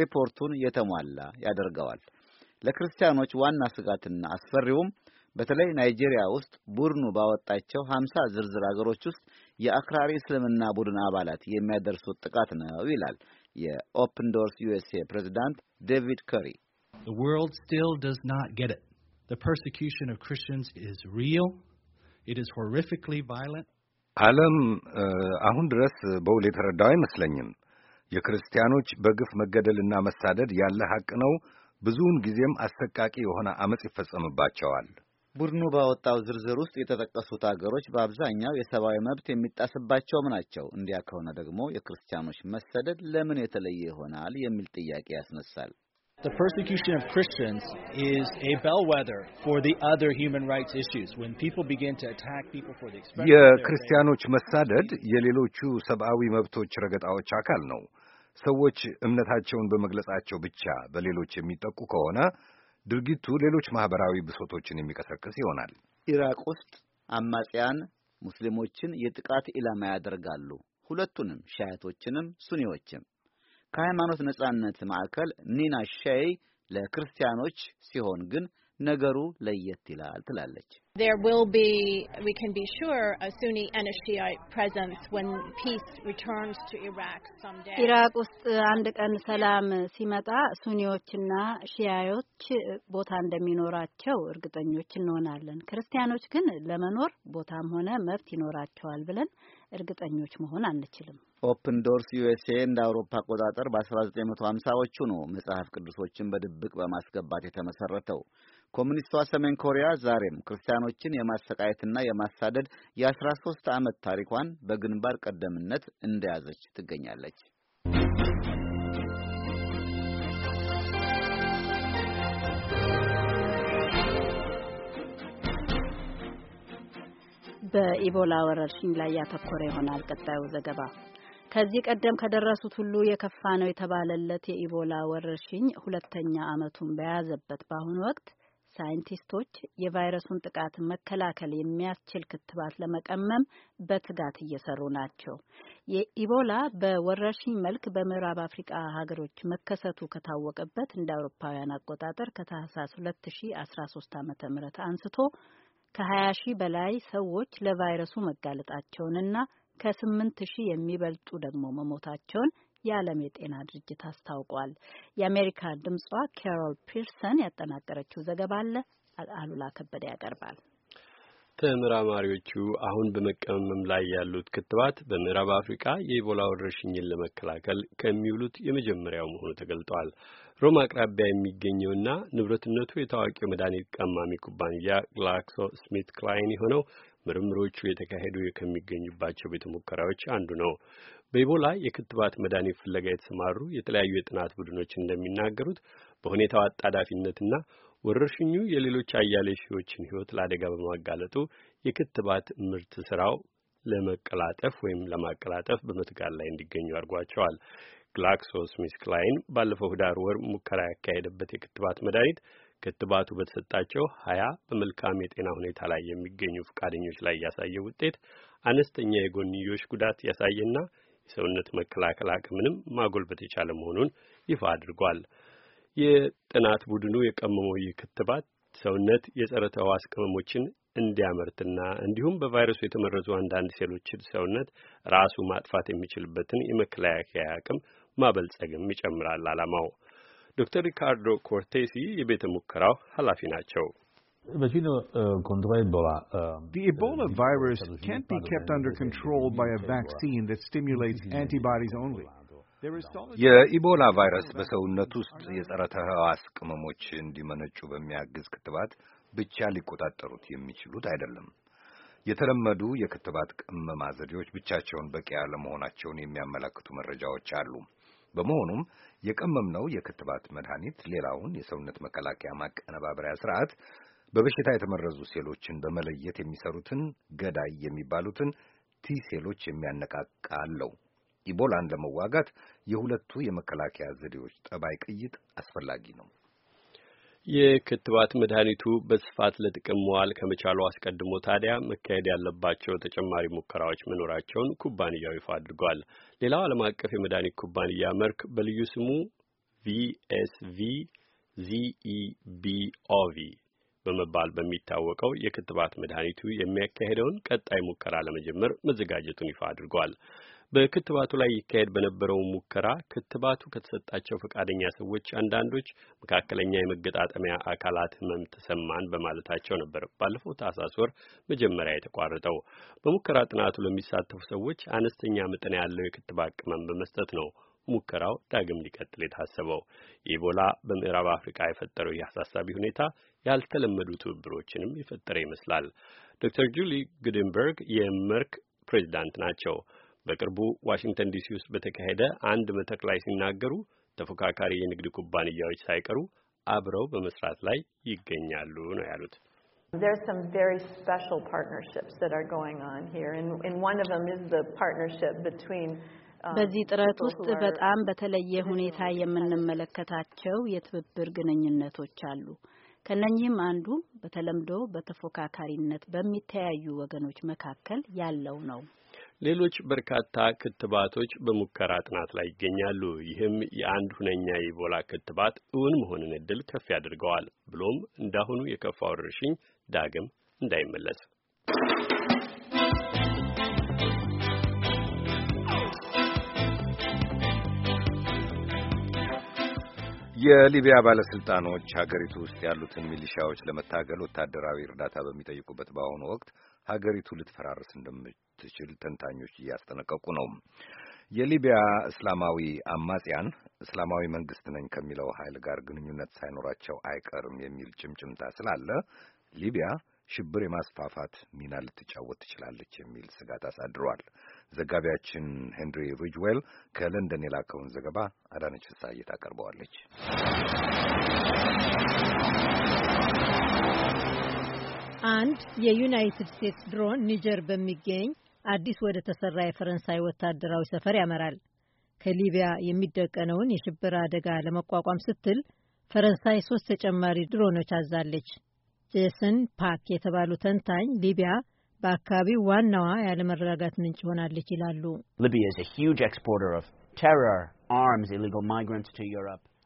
ሪፖርቱን የተሟላ ያደርገዋል። ለክርስቲያኖች ዋና ስጋትና አስፈሪውም በተለይ ናይጄሪያ ውስጥ ቡድኑ ባወጣቸው ሀምሳ ዝርዝር አገሮች ውስጥ የአክራሪ እስልምና ቡድን አባላት የሚያደርሱት ጥቃት ነው ይላል የኦፕን ዶርስ ዩኤስኤ ፕሬዚዳንት ዴቪድ ከሪ። The world still does not get it. The persecution of Christians is real. It is horrifically violent. ዓለም አሁን ድረስ በውል የተረዳው አይመስለኝም። የክርስቲያኖች በግፍ መገደልና መሳደድ ያለ ሐቅ ነው። ብዙውን ጊዜም አሰቃቂ የሆነ አመጽ ይፈጸምባቸዋል። ቡድኑ ባወጣው ዝርዝር ውስጥ የተጠቀሱት አገሮች በአብዛኛው የሰብአዊ መብት የሚጣስባቸውም ናቸው። እንዲያ ከሆነ ደግሞ የክርስቲያኖች መሰደድ ለምን የተለየ ይሆናል የሚል ጥያቄ ያስነሳል። The persecution of Christians is a bellwether for the other human rights issues. When people begin to attack people for the expression የክርስቲያኖች መሳደድ የሌሎቹ ሰብአዊ መብቶች ረገጣዎች አካል ነው። ሰዎች እምነታቸውን በመግለጻቸው ብቻ በሌሎች የሚጠቁ ከሆነ ድርጊቱ ሌሎች ማህበራዊ ብሶቶችን የሚቀሰቅስ ይሆናል። ኢራቅ ውስጥ አማጽያን ሙስሊሞችን የጥቃት ኢላማ ያደርጋሉ። ሁለቱንም ሻያቶችንም ሱኒዎችም ከሃይማኖት ነጻነት ማዕከል ኒና ሼይ ለክርስቲያኖች ሲሆን ግን ነገሩ ለየት ይላል ትላለች። ኢራቅ ውስጥ አንድ ቀን ሰላም ሲመጣ ሱኒዎችና ሺያዮች ቦታ እንደሚኖራቸው እርግጠኞች እንሆናለን። ክርስቲያኖች ግን ለመኖር ቦታም ሆነ መብት ይኖራቸዋል ብለን እርግጠኞች መሆን አንችልም። ኦፕን ዶርስ ዩኤስኤ እንደ አውሮፓ አቆጣጠር በ1950ዎቹ ነው መጽሐፍ ቅዱሶችን በድብቅ በማስገባት የተመሰረተው። ኮሚኒስቷ ሰሜን ኮሪያ ዛሬም ክርስቲያኖችን የማሰቃየትና የማሳደድ የ13 ዓመት ታሪኳን በግንባር ቀደምነት እንደያዘች ትገኛለች። በኢቦላ ወረርሽኝ ላይ ያተኮረ ይሆናል ቀጣዩ ዘገባ። ከዚህ ቀደም ከደረሱት ሁሉ የከፋ ነው የተባለለት የኢቦላ ወረርሽኝ ሁለተኛ ዓመቱን በያዘበት በአሁኑ ወቅት ሳይንቲስቶች የቫይረሱን ጥቃት መከላከል የሚያስችል ክትባት ለመቀመም በትጋት እየሰሩ ናቸው። የኢቦላ በወረርሽኝ መልክ በምዕራብ አፍሪቃ ሀገሮች መከሰቱ ከታወቀበት እንደ አውሮፓውያን አቆጣጠር ከታህሳስ 2013 ዓ.ም አንስቶ ከ20 ሺህ በላይ ሰዎች ለቫይረሱ መጋለጣቸውንና ከስምንት ሺህ የሚበልጡ ደግሞ መሞታቸውን የዓለም የጤና ድርጅት አስታውቋል። የአሜሪካ ድምጿ ካሮል ፒርሰን ያጠናቀረችው ዘገባ አለ አሉላ ከበደ ያቀርባል። ተመራማሪዎቹ አሁን በመቀመም ላይ ያሉት ክትባት በምዕራብ አፍሪካ የኢቦላ ወረርሽኝን ለመከላከል ከሚውሉት የመጀመሪያው መሆኑ ተገልጧል። ሮም አቅራቢያ የሚገኘውና ንብረትነቱ የታዋቂው መድኃኒት ቀማሚ ኩባንያ ግላክሶ ስሚት ክላይን የሆነው ምርምሮቹ የተካሄዱ ከሚገኙባቸው ቤተ ሙከራዎች አንዱ ነው። በኢቦላ የክትባት መድኃኒት ፍለጋ የተሰማሩ የተለያዩ የጥናት ቡድኖች እንደሚናገሩት በሁኔታው አጣዳፊነትና ወረርሽኙ የሌሎች አያሌ ሺዎችን ሕይወት ለአደጋ በማጋለጡ የክትባት ምርት ስራው ለመቀላጠፍ ወይም ለማቀላጠፍ በመትጋት ላይ እንዲገኙ አድርጓቸዋል። ግላክሶ ስሚስ ክላይን ባለፈው ህዳር ወር ሙከራ ያካሄደበት የክትባት መድኃኒት ክትባቱ በተሰጣቸው ሀያ በመልካም የጤና ሁኔታ ላይ የሚገኙ ፈቃደኞች ላይ ያሳየ ውጤት አነስተኛ የጎንዮሽ ጉዳት ያሳየና የሰውነት መከላከል አቅምንም ማጎልበት የቻለ መሆኑን ይፋ አድርጓል። የጥናት ቡድኑ የቀመመው ይህ ክትባት ሰውነት የጸረ ተህዋስ ቅመሞችን እንዲያመርትና እንዲሁም በቫይረሱ የተመረዙ አንዳንድ ሴሎችን ሰውነት ራሱ ማጥፋት የሚችልበትን የመከላከያ አቅም ማበልጸግም ይጨምራል ዓላማው። ዶክተር ሪካርዶ ኮርቴሲ የቤተ ሙከራው ኃላፊ ናቸው። uh, uh, The uh, Ebola virus can't be kept under control by a vaccine that stimulates antibodies only. የኢቦላ ቫይረስ በሰውነት ውስጥ የጸረ ተህዋስ ቅመሞች እንዲመነጩ በሚያግዝ ክትባት ብቻ ሊቆጣጠሩት የሚችሉት አይደለም። የተለመዱ የክትባት ቅመማ ዘዴዎች ብቻቸውን በቂ ያለመሆናቸውን የሚያመላክቱ መረጃዎች አሉ። በመሆኑም የቀመምነው የክትባት መድኃኒት ሌላውን የሰውነት መከላከያ ማቀነባበሪያ ስርዓት በበሽታ የተመረዙ ሴሎችን በመለየት የሚሰሩትን ገዳይ የሚባሉትን ቲ ሴሎች የሚያነቃቃ አለው። ኢቦላን ለመዋጋት የሁለቱ የመከላከያ ዘዴዎች ጠባይ ቅይጥ አስፈላጊ ነው። የክትባት መድኃኒቱ በስፋት ለጥቅም መዋል ከመቻሉ አስቀድሞ ታዲያ መካሄድ ያለባቸው ተጨማሪ ሙከራዎች መኖራቸውን ኩባንያው ይፋ አድርጓል። ሌላው ዓለም አቀፍ የመድኃኒት ኩባንያ መርክ በልዩ ስሙ ቪኤስቪ ዚኢቢኦቪ በመባል በሚታወቀው የክትባት መድኃኒቱ የሚያካሄደውን ቀጣይ ሙከራ ለመጀመር መዘጋጀቱን ይፋ አድርጓል። በክትባቱ ላይ ይካሄድ በነበረው ሙከራ ክትባቱ ከተሰጣቸው ፈቃደኛ ሰዎች አንዳንዶች መካከለኛ የመገጣጠሚያ አካላት ህመም ተሰማን በማለታቸው ነበር ባለፈው ታህሳስ ወር መጀመሪያ የተቋረጠው። በሙከራ ጥናቱ ለሚሳተፉ ሰዎች አነስተኛ መጠን ያለው የክትባት ቅመም በመስጠት ነው ሙከራው ዳግም ሊቀጥል የታሰበው። ኢቦላ በምዕራብ አፍሪካ የፈጠረው ይህ አሳሳቢ ሁኔታ ያልተለመዱ ትብብሮችንም የፈጠረ ይመስላል። ዶክተር ጁሊ ግድንበርግ የመርክ ፕሬዚዳንት ናቸው። በቅርቡ ዋሽንግተን ዲሲ ውስጥ በተካሄደ አንድ መድረክ ላይ ሲናገሩ ተፎካካሪ የንግድ ኩባንያዎች ሳይቀሩ አብረው በመስራት ላይ ይገኛሉ ነው ያሉት። There's some very special partnerships that are going on here and and one of them is the partnership between um, በዚህ ጥረት ውስጥ በጣም በተለየ ሁኔታ የምንመለከታቸው የትብብር ግንኙነቶች አሉ። ከነኚህም አንዱ በተለምዶ በተፎካካሪነት በሚተያዩ ወገኖች መካከል ያለው ነው። ሌሎች በርካታ ክትባቶች በሙከራ ጥናት ላይ ይገኛሉ። ይህም የአንድ ሁነኛ የኢቦላ ክትባት እውን መሆንን እድል ከፍ ያድርገዋል ብሎም እንዳሁኑ የከፋ ወረርሽኝ ዳግም እንዳይመለስ የሊቢያ ባለስልጣኖች ሀገሪቱ ውስጥ ያሉትን ሚሊሻዎች ለመታገል ወታደራዊ እርዳታ በሚጠይቁበት በአሁኑ ወቅት ሀገሪቱ ልትፈራርስ እንደምትችል ተንታኞች እያስጠነቀቁ ነው። የሊቢያ እስላማዊ አማጽያን እስላማዊ መንግስት ነኝ ከሚለው ኃይል ጋር ግንኙነት ሳይኖራቸው አይቀርም የሚል ጭምጭምታ ስላለ ሊቢያ ሽብር የማስፋፋት ሚና ልትጫወት ትችላለች የሚል ስጋት አሳድሯል። ዘጋቢያችን ሄንሪ ሪጅዌል ከለንደን የላከውን ዘገባ አዳነች ፍሳዬ ታቀርበዋለች። አንድ የዩናይትድ ስቴትስ ድሮን ኒጀር በሚገኝ አዲስ ወደ ተሰራ የፈረንሳይ ወታደራዊ ሰፈር ያመራል። ከሊቢያ የሚደቀነውን የሽብር አደጋ ለመቋቋም ስትል ፈረንሳይ ሶስት ተጨማሪ ድሮኖች አዛለች። ጄሰን ፓክ የተባሉ ተንታኝ ሊቢያ በአካባቢው ዋናዋ ያለመረጋጋት ምንጭ ሆናለች ይላሉ። ሊቢያ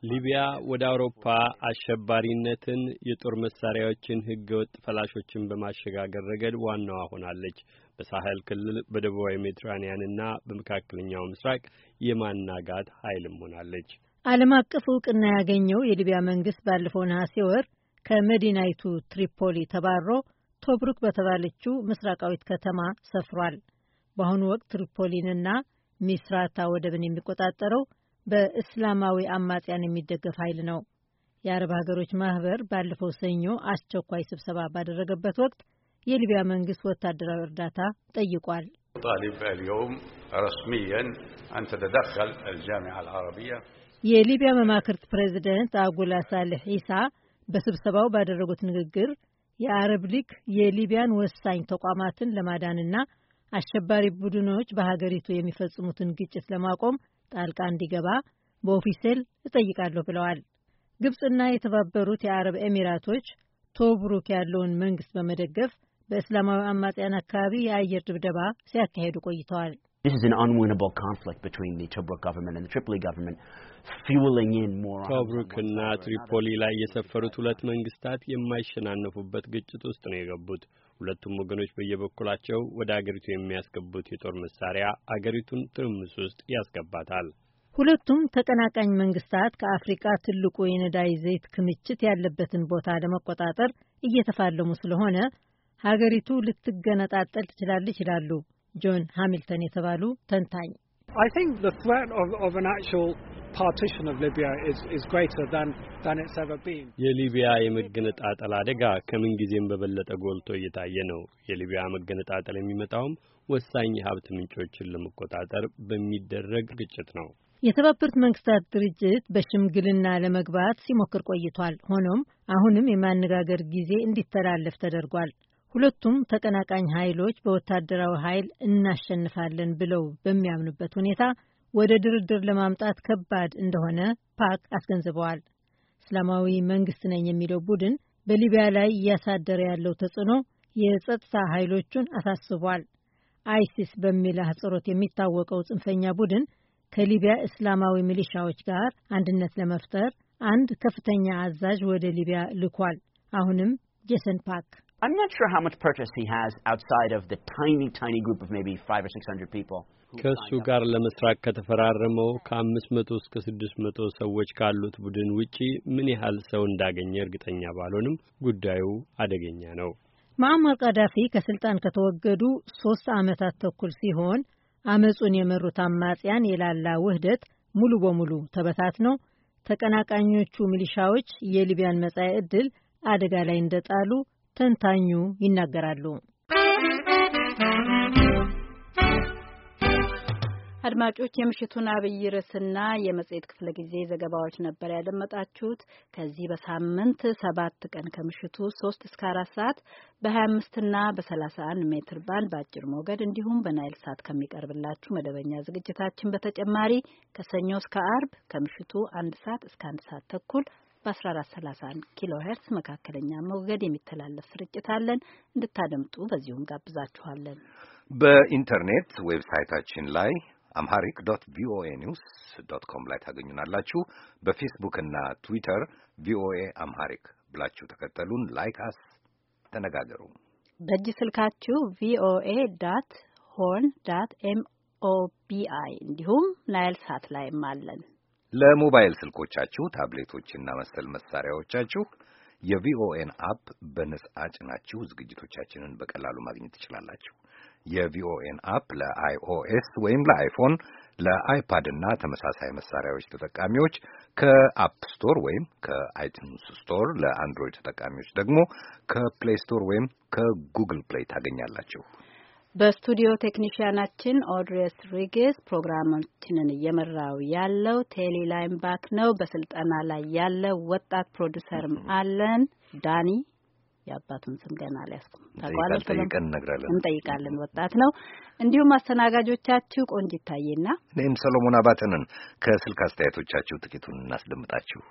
ሊቢያ ወደ አውሮፓ አሸባሪነትን፣ የጦር መሳሪያዎችን፣ ህገወጥ ፈላሾችን በማሸጋገር ረገድ ዋናዋ ሆናለች። በሳህል ክልል በደቡባዊ ሜዲትራኒያንና በመካከለኛው ምስራቅ የማናጋት ኃይልም ሆናለች። ዓለም አቀፍ እውቅና ያገኘው የሊቢያ መንግስት ባለፈው ነሐሴ ወር ከመዲናይቱ ትሪፖሊ ተባሮ ቶብሩክ በተባለችው ምስራቃዊት ከተማ ሰፍሯል። በአሁኑ ወቅት ትሪፖሊንና ሚስራታ ወደብን የሚቆጣጠረው በእስላማዊ አማጽያን የሚደገፍ ኃይል ነው። የአረብ ሀገሮች ማህበር ባለፈው ሰኞ አስቸኳይ ስብሰባ ባደረገበት ወቅት የሊቢያ መንግስት ወታደራዊ እርዳታ ጠይቋል። የሊቢያ መማክርት ፕሬዚደንት አጉላ ሳልሕ ኢሳ በስብሰባው ባደረጉት ንግግር የአረብ ሊግ የሊቢያን ወሳኝ ተቋማትን ለማዳንና አሸባሪ ቡድኖች በሀገሪቱ የሚፈጽሙትን ግጭት ለማቆም ጣልቃ እንዲገባ በኦፊሴል እጠይቃለሁ ብለዋል። ግብፅና የተባበሩት የአረብ ኤሚራቶች ቶብሩክ ያለውን መንግስት በመደገፍ በእስላማዊ አማጽያን አካባቢ የአየር ድብደባ ሲያካሄዱ ቆይተዋል። ቶብሩክና ትሪፖሊ ላይ የሰፈሩት ሁለት መንግስታት የማይሸናነፉበት ግጭት ውስጥ ነው የገቡት። ሁለቱም ወገኖች በየበኩላቸው ወደ አገሪቱ የሚያስገቡት የጦር መሳሪያ አገሪቱን ትርምስ ውስጥ ያስገባታል። ሁለቱም ተቀናቃኝ መንግስታት ከአፍሪቃ ትልቁ የነዳጅ ዘይት ክምችት ያለበትን ቦታ ለመቆጣጠር እየተፋለሙ ስለሆነ ሀገሪቱ ልትገነጣጠል ትችላለች ይላሉ ጆን ሃሚልተን የተባሉ ተንታኝ። የሊቢያ የመገነጣጠል አደጋ ከምን ጊዜም በበለጠ ጎልቶ እየታየ ነው። የሊቢያ መገነጣጠል የሚመጣውም ወሳኝ የሀብት ምንጮችን ለመቆጣጠር በሚደረግ ግጭት ነው። የተባበሩት መንግስታት ድርጅት በሽምግልና ለመግባት ሲሞክር ቆይቷል። ሆኖም አሁንም የማነጋገር ጊዜ እንዲተላለፍ ተደርጓል። ሁለቱም ተቀናቃኝ ኃይሎች በወታደራዊ ኃይል እናሸንፋለን ብለው በሚያምኑበት ሁኔታ ወደ ድርድር ለማምጣት ከባድ እንደሆነ ፓክ አስገንዝበዋል። እስላማዊ መንግስት ነኝ የሚለው ቡድን በሊቢያ ላይ እያሳደረ ያለው ተጽዕኖ የጸጥታ ኃይሎቹን አሳስቧል። አይሲስ በሚል አህጽሮት የሚታወቀው ጽንፈኛ ቡድን ከሊቢያ እስላማዊ ሚሊሻዎች ጋር አንድነት ለመፍጠር አንድ ከፍተኛ አዛዥ ወደ ሊቢያ ልኳል። አሁንም ጄሰን ፓክ I'm not sure how much purchase he has outside of the tiny, tiny group of maybe five or six hundred people. ከእሱ ጋር ለመስራት ከተፈራረመው ከአምስት መቶ እስከ ስድስት መቶ ሰዎች ካሉት ቡድን ውጪ ምን ያህል ሰው እንዳገኘ እርግጠኛ ባልሆንም ጉዳዩ አደገኛ ነው። ማዕመር ቀዳፊ ከስልጣን ከተወገዱ ሶስት ዓመታት ተኩል ሲሆን አመፁን የመሩት አማጽያን የላላ ውህደት ሙሉ በሙሉ ነው። ተቀናቃኞቹ ሚሊሻዎች የሊቢያን መጻኢ ዕድል አደጋ ላይ እንደጣሉ ተንታኙ ይናገራሉ። አድማጮች የምሽቱን አብይ ርዕስና የመጽሔት ክፍለ ጊዜ ዘገባዎች ነበር ያደመጣችሁት። ከዚህ በሳምንት ሰባት ቀን ከምሽቱ ሶስት እስከ አራት ሰዓት በሀያ አምስትና በሰላሳ አንድ ሜትር ባንድ በአጭር ሞገድ እንዲሁም በናይል ሳት ከሚቀርብላችሁ መደበኛ ዝግጅታችን በተጨማሪ ከሰኞ እስከ አርብ ከምሽቱ አንድ ሰዓት እስከ አንድ ሰዓት ተኩል በ1431 ኪሎ ሄርትስ መካከለኛ ሞገድ የሚተላለፍ ስርጭት አለን። እንድታደምጡ በዚሁም ጋብዛችኋለን። በኢንተርኔት ዌብሳይታችን ላይ አምሃሪክ ዶት ቪኦኤ ኒውስ ዶት ኮም ላይ ታገኙናላችሁ። በፌስቡክ እና ትዊተር ቪኦኤ አምሃሪክ ብላችሁ ተከተሉን፣ ላይክ አስ፣ ተነጋገሩ። በእጅ ስልካችሁ ቪኦኤ ዳት ሆን ዳት ኤምኦቢአይ እንዲሁም ናይል ሳት ላይም አለን። ለሞባይል ስልኮቻችሁ ታብሌቶችና መሰል መሳሪያዎቻችሁ የቪኦኤን አፕ በነጻ ጭናችሁ ዝግጅቶቻችንን በቀላሉ ማግኘት ትችላላችሁ። የቪኦኤን አፕ ለአይኦኤስ ወይም ለአይፎን ለአይፓድ እና ተመሳሳይ መሳሪያዎች ተጠቃሚዎች ከአፕ ስቶር ወይም ከአይቱንስ ስቶር፣ ለአንድሮይድ ተጠቃሚዎች ደግሞ ከፕሌይ ስቶር ወይም ከጉግል ፕሌይ ታገኛላችሁ። በስቱዲዮ ቴክኒሽያናችን ኦድሬስ ሪጌስ፣ ፕሮግራማችንን እየመራው ያለው ቴሌላይን ባክ ነው። በስልጠና ላይ ያለ ወጣት ፕሮዲሰርም አለን ዳኒ የአባቱን ስም ገና አልያዝኩም። ታውቀዋለህ? እንጠይቃለን። ወጣት ነው። እንዲሁም አስተናጋጆቻችሁ ቆንጅ ይታየና እኔም ሰሎሞን አባተንን ከስልክ አስተያየቶቻችሁ ጥቂቱን እናስደምጣችሁ።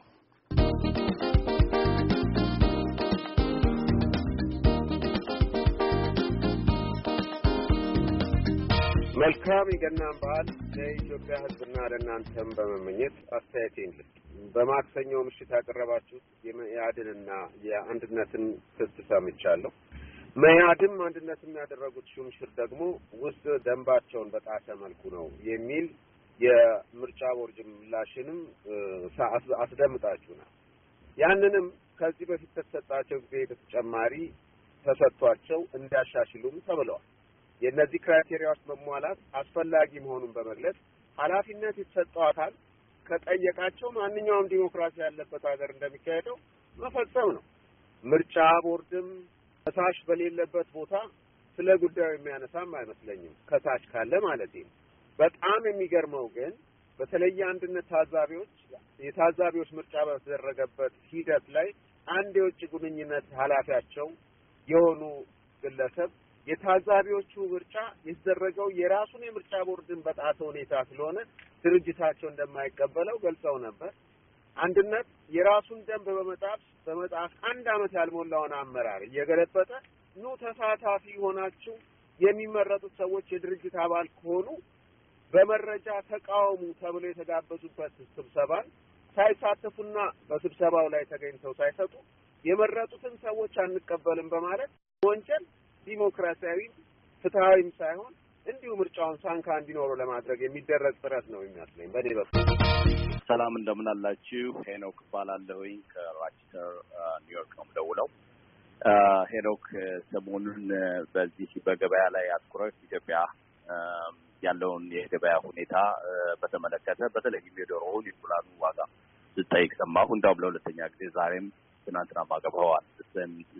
መልካም የገናን በዓል ለኢትዮጵያ ሕዝብና ለእናንተም በመመኘት አስተያየቴን ልስጥ። ምሽት ያቀረባችሁት የመኢአድንና የአንድነትን ስት ሰምቻለሁ። መኢአድም አንድነት ያደረጉት ሹምሽር ደግሞ ውስጥ ደንባቸውን በጣሰ መልኩ ነው የሚል የምርጫ ቦርድ ምላሽንም አስደምጣችሁናል። ያንንም ከዚህ በፊት ከተሰጣቸው ጊዜ በተጨማሪ ተሰጥቷቸው እንዲያሻሽሉም ተብለዋል። የእነዚህ ክራይቴሪያዎች መሟላት አስፈላጊ መሆኑን በመግለጽ ኃላፊነት የተሰጠው አካል ከጠየቃቸው ማንኛውም ዲሞክራሲ ያለበት ሀገር እንደሚካሄደው መፈጸም ነው። ምርጫ ቦርድም ከሳሽ በሌለበት ቦታ ስለ ጉዳዩ የሚያነሳም አይመስለኝም። ከሳሽ ካለ ማለት ነው። በጣም የሚገርመው ግን በተለይ አንድነት ታዛቢዎች የታዛቢዎች ምርጫ በተደረገበት ሂደት ላይ አንድ የውጭ ግንኙነት ኃላፊያቸው የሆኑ ግለሰብ የታዛቢዎቹ ምርጫ የተደረገው የራሱን የምርጫ ቦርድን በጣሰ ሁኔታ ስለሆነ ድርጅታቸው እንደማይቀበለው ገልጸው ነበር። አንድነት የራሱን ደንብ በመጣፍ በመጣፍ አንድ ዓመት ያልሞላውን አመራር እየገለበጠ ኑ ተሳታፊ ሆናችሁ የሚመረጡት ሰዎች የድርጅት አባል ከሆኑ በመረጃ ተቃውሙ ተብሎ የተጋበዙበት ስብሰባን ሳይሳተፉና በስብሰባው ላይ ተገኝተው ሳይሰጡ የመረጡትን ሰዎች አንቀበልም በማለት ወንጀል ዲሞክራሲያዊ ፍትሐዊም ሳይሆን እንዲሁ ምርጫውን ሳንካ እንዲኖሩ ለማድረግ የሚደረግ ጥረት ነው የሚመስለኝ በእኔ በኩል። ሰላም እንደምን አላችሁ? ሄኖክ እባላለሁኝ ከሮቸስተር ኒውዮርክ ነው የምደውለው። ሄኖክ ሰሞኑን በዚህ በገበያ ላይ አትኩረት ኢትዮጵያ ያለውን የገበያ ሁኔታ በተመለከተ በተለይም የዶሮውን የእንቁላሉ ዋጋ ስጠይቅ ሰማሁ። እንዳውም ለሁለተኛ ጊዜ ዛሬም ትናንትና ማገባዋል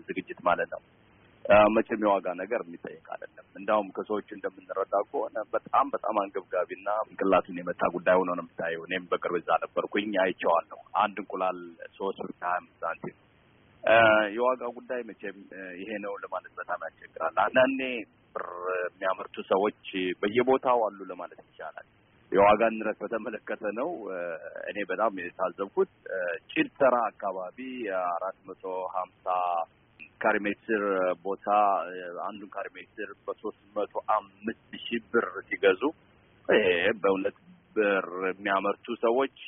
ዝግጅት ማለት ነው መቼም የዋጋ ነገር የሚጠይቅ አይደለም። እንዳውም ከሰዎች እንደምንረዳ ከሆነ በጣም በጣም አንገብጋቢና ጭንቅላቱን የመታ ጉዳይ ሆኖ ነው የምታየው። እኔም በቅርብ እዛ ነበርኩኝ፣ አይቼዋለሁ። አንድ እንቁላል ሶስት ብር ሀያ አምስት ሳንቲም። የዋጋ ጉዳይ መቼም ይሄ ነው ለማለት በጣም ያስቸግራል። አንዳንዴ ብር የሚያመርቱ ሰዎች በየቦታው አሉ ለማለት ይቻላል። የዋጋ ንረት በተመለከተ ነው እኔ በጣም የታዘብኩት ጭድ አካባቢ አራት መቶ ሀምሳ ካሬ ሜትር ቦታ አንዱን ካሬ ሜትር በሶስት መቶ አምስት ሺህ ብር ሲገዙ በእውነት ብር የሚያመርቱ ሰዎች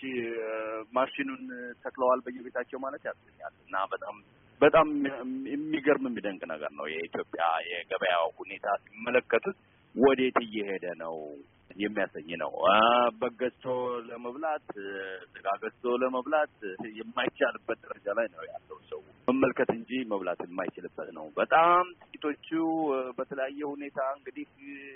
ማሽኑን ተክለዋል በየቤታቸው ማለት ያስገኛል እና በጣም በጣም የሚገርም የሚደንቅ ነገር ነው። የኢትዮጵያ የገበያ ሁኔታ ሲመለከቱት ወዴት እየሄደ ነው? የሚያሰኝ ነው። በገዝቶ ለመብላት ስጋ ገዝቶ ለመብላት የማይቻልበት ደረጃ ላይ ነው ያለው ሰው መመልከት እንጂ መብላት የማይችልበት ነው። በጣም ጥቂቶቹ በተለያየ ሁኔታ እንግዲህ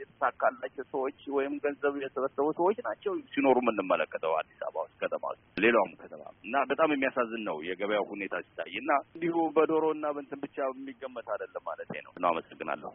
የተሳካላቸው ሰዎች ወይም ገንዘብ የሰበሰቡ ሰዎች ናቸው ሲኖሩ የምንመለከተው አዲስ አበባ ውስጥ ከተማ ውስጥ ሌላውም ከተማ እና በጣም የሚያሳዝን ነው የገበያው ሁኔታ ሲታይ እና እንዲሁ በዶሮ እና በእንትን ብቻ የሚገመት አይደለም ማለት ነው። ነው አመሰግናለሁ።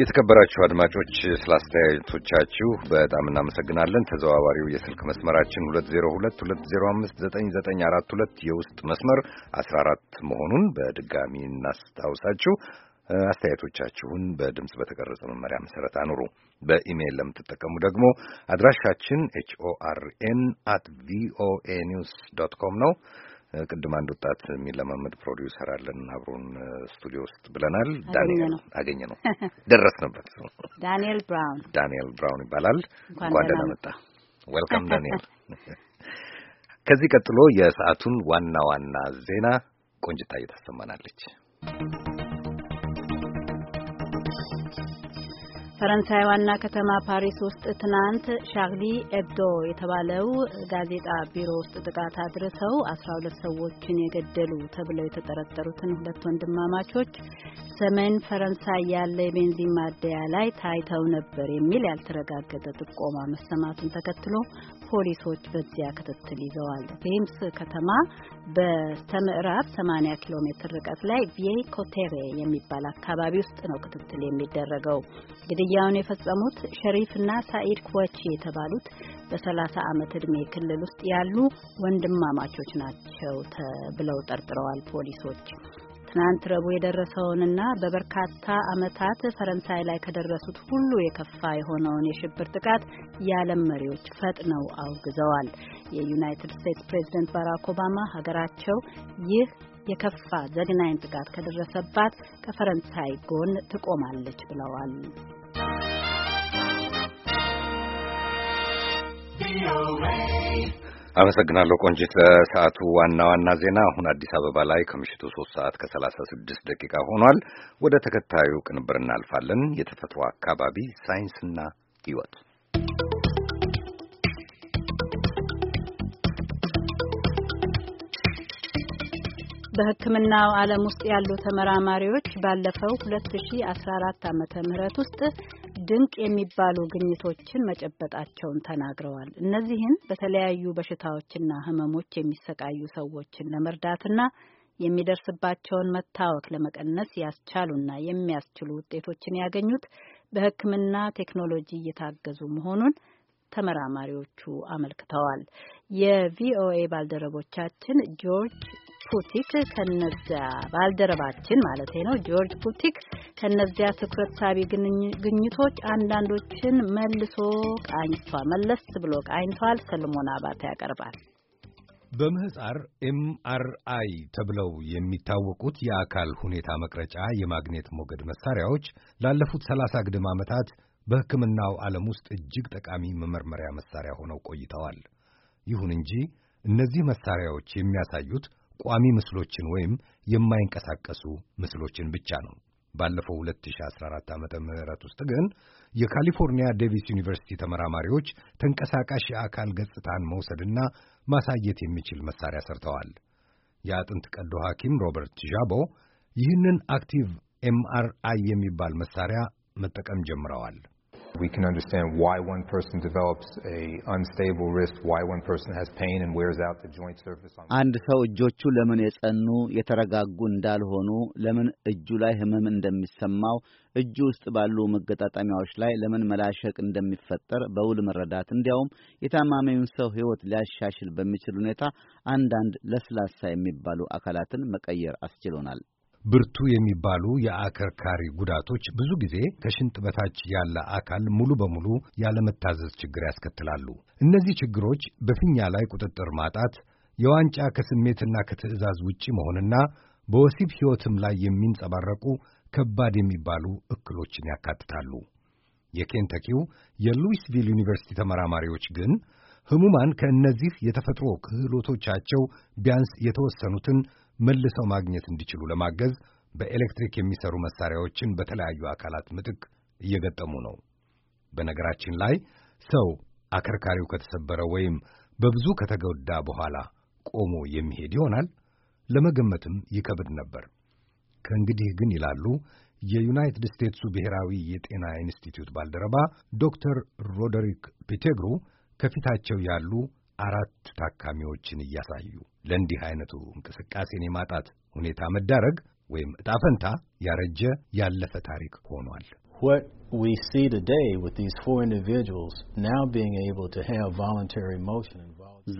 የተከበራችሁ አድማጮች ስለ አስተያየቶቻችሁ በጣም እናመሰግናለን። ተዘዋዋሪው የስልክ መስመራችን 2022059942 የውስጥ መስመር 14 መሆኑን በድጋሚ እናስታውሳችሁ። አስተያየቶቻችሁን በድምፅ በተቀረጸ መመሪያ መሰረት አኑሩ። በኢሜይል ለምትጠቀሙ ደግሞ አድራሻችን ኤችኦአርኤን አት ቪኦኤ ኒውስ ዶት ኮም ነው። ቅድም አንድ ወጣት የሚለማመድ ፕሮዲውሰር አለን አብሮን ስቱዲዮ ውስጥ ብለናል። ዳንኤል አገኘ ነው ደረስንበት። ዳንኤል ብራውን ዳንኤል ብራውን ይባላል። እንኳን ደህና መጣ። ዌልካም ዳንኤል። ከዚህ ቀጥሎ የሰዓቱን ዋና ዋና ዜና ቆንጅታ እየታሰማናለች። ፈረንሳይ ዋና ከተማ ፓሪስ ውስጥ ትናንት ሻርሊ ኤብዶ የተባለው ጋዜጣ ቢሮ ውስጥ ጥቃት አድርሰው ሁለት ሰዎችን የገደሉ ተብለው የተጠረጠሩትን ሁለት ወንድማማቾች ሰሜን ፈረንሳይ ያለ የቤንዚን ማደያ ላይ ታይተው ነበር የሚል ያልተረጋገጠ ጥቆማ መሰማቱን ተከትሎ ፖሊሶች በዚያ ክትትል ይዘዋል። ቬምስ ከተማ በስተምዕራብ 80 ኪሎ ሜትር ርቀት ላይ ቪዬ ኮቴሬ የሚባል አካባቢ ውስጥ ነው ክትትል የሚደረገው። ግድያውን የፈጸሙት ሸሪፍና ሳኢድ ኩዋቺ የተባሉት በ30 ዓመት ዕድሜ ክልል ውስጥ ያሉ ወንድማማቾች ናቸው ተብለው ጠርጥረዋል ፖሊሶች። ትናንት ረቡዕ የደረሰውንና በበርካታ ዓመታት ፈረንሳይ ላይ ከደረሱት ሁሉ የከፋ የሆነውን የሽብር ጥቃት የዓለም መሪዎች ፈጥነው አውግዘዋል። የዩናይትድ ስቴትስ ፕሬዝደንት ባራክ ኦባማ ሀገራቸው ይህ የከፋ ዘግናኝ ጥቃት ከደረሰባት ከፈረንሳይ ጎን ትቆማለች ብለዋል። አመሰግናለሁ ቆንጂት። ለሰዓቱ ዋና ዋና ዜና አሁን አዲስ አበባ ላይ ከምሽቱ ሶስት ሰዓት ከሰላሳ ስድስት ደቂቃ ሆኗል። ወደ ተከታዩ ቅንብር እናልፋለን። የተፈጥሮ አካባቢ ሳይንስና ሕይወት በሕክምናው ዓለም ውስጥ ያሉ ተመራማሪዎች ባለፈው 2014 ዓመተ ምህረት ውስጥ ድንቅ የሚባሉ ግኝቶችን መጨበጣቸውን ተናግረዋል። እነዚህን በተለያዩ በሽታዎችና ህመሞች የሚሰቃዩ ሰዎችን ለመርዳትና የሚደርስባቸውን መታወክ ለመቀነስ ያስቻሉና የሚያስችሉ ውጤቶችን ያገኙት በሕክምና ቴክኖሎጂ እየታገዙ መሆኑን ተመራማሪዎቹ አመልክተዋል። የቪኦኤ ባልደረቦቻችን ጆርጅ ፑቲክ ከነዚያ ባልደረባችን ማለት ነው ጆርጅ ፑቲክ ከነዚያ ትኩረት ሳቢ ግኝቶች አንዳንዶችን መልሶ ቃኝቷል፣ መለስ ብሎ ቃኝቷል። ሰለሞን አባተ ያቀርባል። በምህፃር ኤምአርአይ ተብለው የሚታወቁት የአካል ሁኔታ መቅረጫ የማግኔት ሞገድ መሳሪያዎች ላለፉት ሰላሳ ግድም ዓመታት በሕክምናው ዓለም ውስጥ እጅግ ጠቃሚ መመርመሪያ መሳሪያ ሆነው ቆይተዋል። ይሁን እንጂ እነዚህ መሳሪያዎች የሚያሳዩት ቋሚ ምስሎችን ወይም የማይንቀሳቀሱ ምስሎችን ብቻ ነው። ባለፈው 2014 ዓ ም ውስጥ ግን የካሊፎርኒያ ዴቪስ ዩኒቨርሲቲ ተመራማሪዎች ተንቀሳቃሽ የአካል ገጽታን መውሰድና ማሳየት የሚችል መሳሪያ ሰርተዋል። የአጥንት ቀዶ ሐኪም ሮበርት ዣቦ ይህንን አክቲቭ ኤምአርአይ የሚባል መሳሪያ መጠቀም ጀምረዋል። We can understand why one person develops a unstable wrist, why one person has pain and wears out the joint surface. አንድ ሰው እጆቹ ለምን የጸኑ የተረጋጉ እንዳልሆኑ፣ ለምን እጁ ላይ ህመም እንደሚሰማው፣ እጁ ውስጥ ባሉ መገጣጠሚያዎች ላይ ለምን መላሸቅ እንደሚፈጠር በውል መረዳት እንዲያውም የታማሚውን ሰው ህይወት ሊያሻሽል በሚችል ሁኔታ አንዳንድ ለስላሳ የሚባሉ አካላትን መቀየር አስችሎናል። ብርቱ የሚባሉ የአከርካሪ ጉዳቶች ብዙ ጊዜ ከሽንጥ በታች ያለ አካል ሙሉ በሙሉ ያለመታዘዝ ችግር ያስከትላሉ። እነዚህ ችግሮች በፊኛ ላይ ቁጥጥር ማጣት፣ የዋንጫ ከስሜትና ከትዕዛዝ ውጪ መሆንና በወሲብ ሕይወትም ላይ የሚንጸባረቁ ከባድ የሚባሉ እክሎችን ያካትታሉ። የኬንተኪው የሉዊስቪል ዩኒቨርሲቲ ተመራማሪዎች ግን ህሙማን ከእነዚህ የተፈጥሮ ክህሎቶቻቸው ቢያንስ የተወሰኑትን መልሰው ማግኘት እንዲችሉ ለማገዝ በኤሌክትሪክ የሚሰሩ መሳሪያዎችን በተለያዩ አካላት ምትክ እየገጠሙ ነው። በነገራችን ላይ ሰው አከርካሪው ከተሰበረ ወይም በብዙ ከተጎዳ በኋላ ቆሞ የሚሄድ ይሆናል? ለመገመትም ይከብድ ነበር። ከእንግዲህ ግን ይላሉ የዩናይትድ ስቴትሱ ብሔራዊ የጤና ኢንስቲትዩት ባልደረባ ዶክተር ሮደሪክ ፒቴግሩ ከፊታቸው ያሉ አራት ታካሚዎችን እያሳዩ ለእንዲህ አይነቱ እንቅስቃሴን የማጣት ሁኔታ መዳረግ ወይም ዕጣ ፈንታ ያረጀ ያለፈ ታሪክ ሆኗል። What we see today with these four individuals now being able to have voluntary motion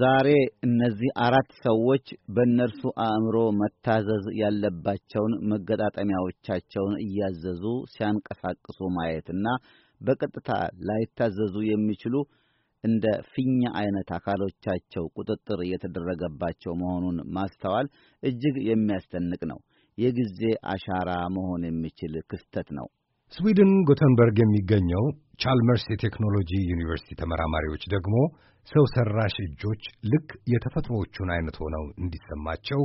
ዛሬ እነዚህ አራት ሰዎች በእነርሱ አእምሮ መታዘዝ ያለባቸውን መገጣጠሚያዎቻቸውን እያዘዙ ሲያንቀሳቅሱ ማየትና በቀጥታ ላይታዘዙ የሚችሉ እንደ ፊኛ አይነት አካሎቻቸው ቁጥጥር የተደረገባቸው መሆኑን ማስተዋል እጅግ የሚያስደንቅ ነው። የጊዜ አሻራ መሆን የሚችል ክስተት ነው። ስዊድን ጎተንበርግ የሚገኘው ቻልመርስ የቴክኖሎጂ ዩኒቨርሲቲ ተመራማሪዎች ደግሞ ሰው ሠራሽ እጆች ልክ የተፈጥሮዎቹን አይነት ሆነው እንዲሰማቸው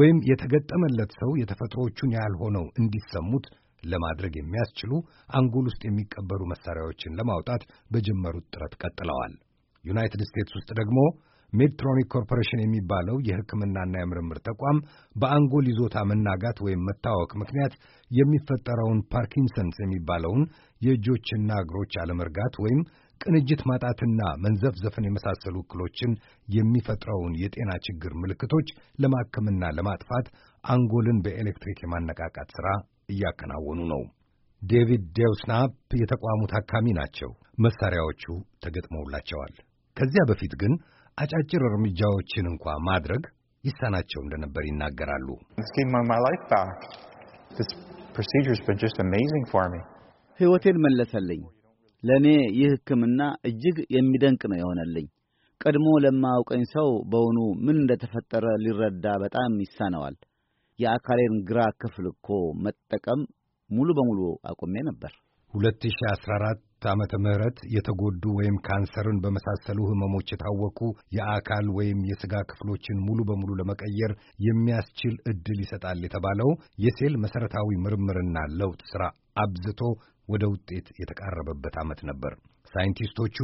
ወይም የተገጠመለት ሰው የተፈጥሮዎቹን ያህል ሆነው እንዲሰሙት ለማድረግ የሚያስችሉ አንጎል ውስጥ የሚቀበሩ መሳሪያዎችን ለማውጣት በጀመሩት ጥረት ቀጥለዋል። ዩናይትድ ስቴትስ ውስጥ ደግሞ ሜድትሮኒክ ኮርፖሬሽን የሚባለው የሕክምናና የምርምር ተቋም በአንጎል ይዞታ መናጋት ወይም መታወክ ምክንያት የሚፈጠረውን ፓርኪንሰንስ የሚባለውን የእጆችና እግሮች አለመርጋት ወይም ቅንጅት ማጣትና መንዘፍዘፍን የመሳሰሉ እክሎችን የሚፈጥረውን የጤና ችግር ምልክቶች ለማከምና ለማጥፋት አንጎልን በኤሌክትሪክ የማነቃቃት ሥራ እያከናወኑ ነው። ዴቪድ ዴውስናፕ የተቋሙ ታካሚ ናቸው። መሳሪያዎቹ ተገጥመውላቸዋል። ከዚያ በፊት ግን አጫጭር እርምጃዎችን እንኳ ማድረግ ይሳናቸው እንደነበር ይናገራሉ። ሕይወቴን መለሰልኝ። ለእኔ ይህ ሕክምና እጅግ የሚደንቅ ነው የሆነልኝ። ቀድሞ ለማያውቀኝ ሰው በውኑ ምን እንደተፈጠረ ሊረዳ በጣም ይሳነዋል። የአካሌን ግራ ክፍል እኮ መጠቀም ሙሉ በሙሉ አቁሜ ነበር። 2014 ዓመተ ምህረት የተጎዱ ወይም ካንሰርን በመሳሰሉ ህመሞች የታወቁ የአካል ወይም የሥጋ ክፍሎችን ሙሉ በሙሉ ለመቀየር የሚያስችል እድል ይሰጣል የተባለው የሴል መሠረታዊ ምርምርና ለውጥ ሥራ አብዝቶ ወደ ውጤት የተቃረበበት ዓመት ነበር። ሳይንቲስቶቹ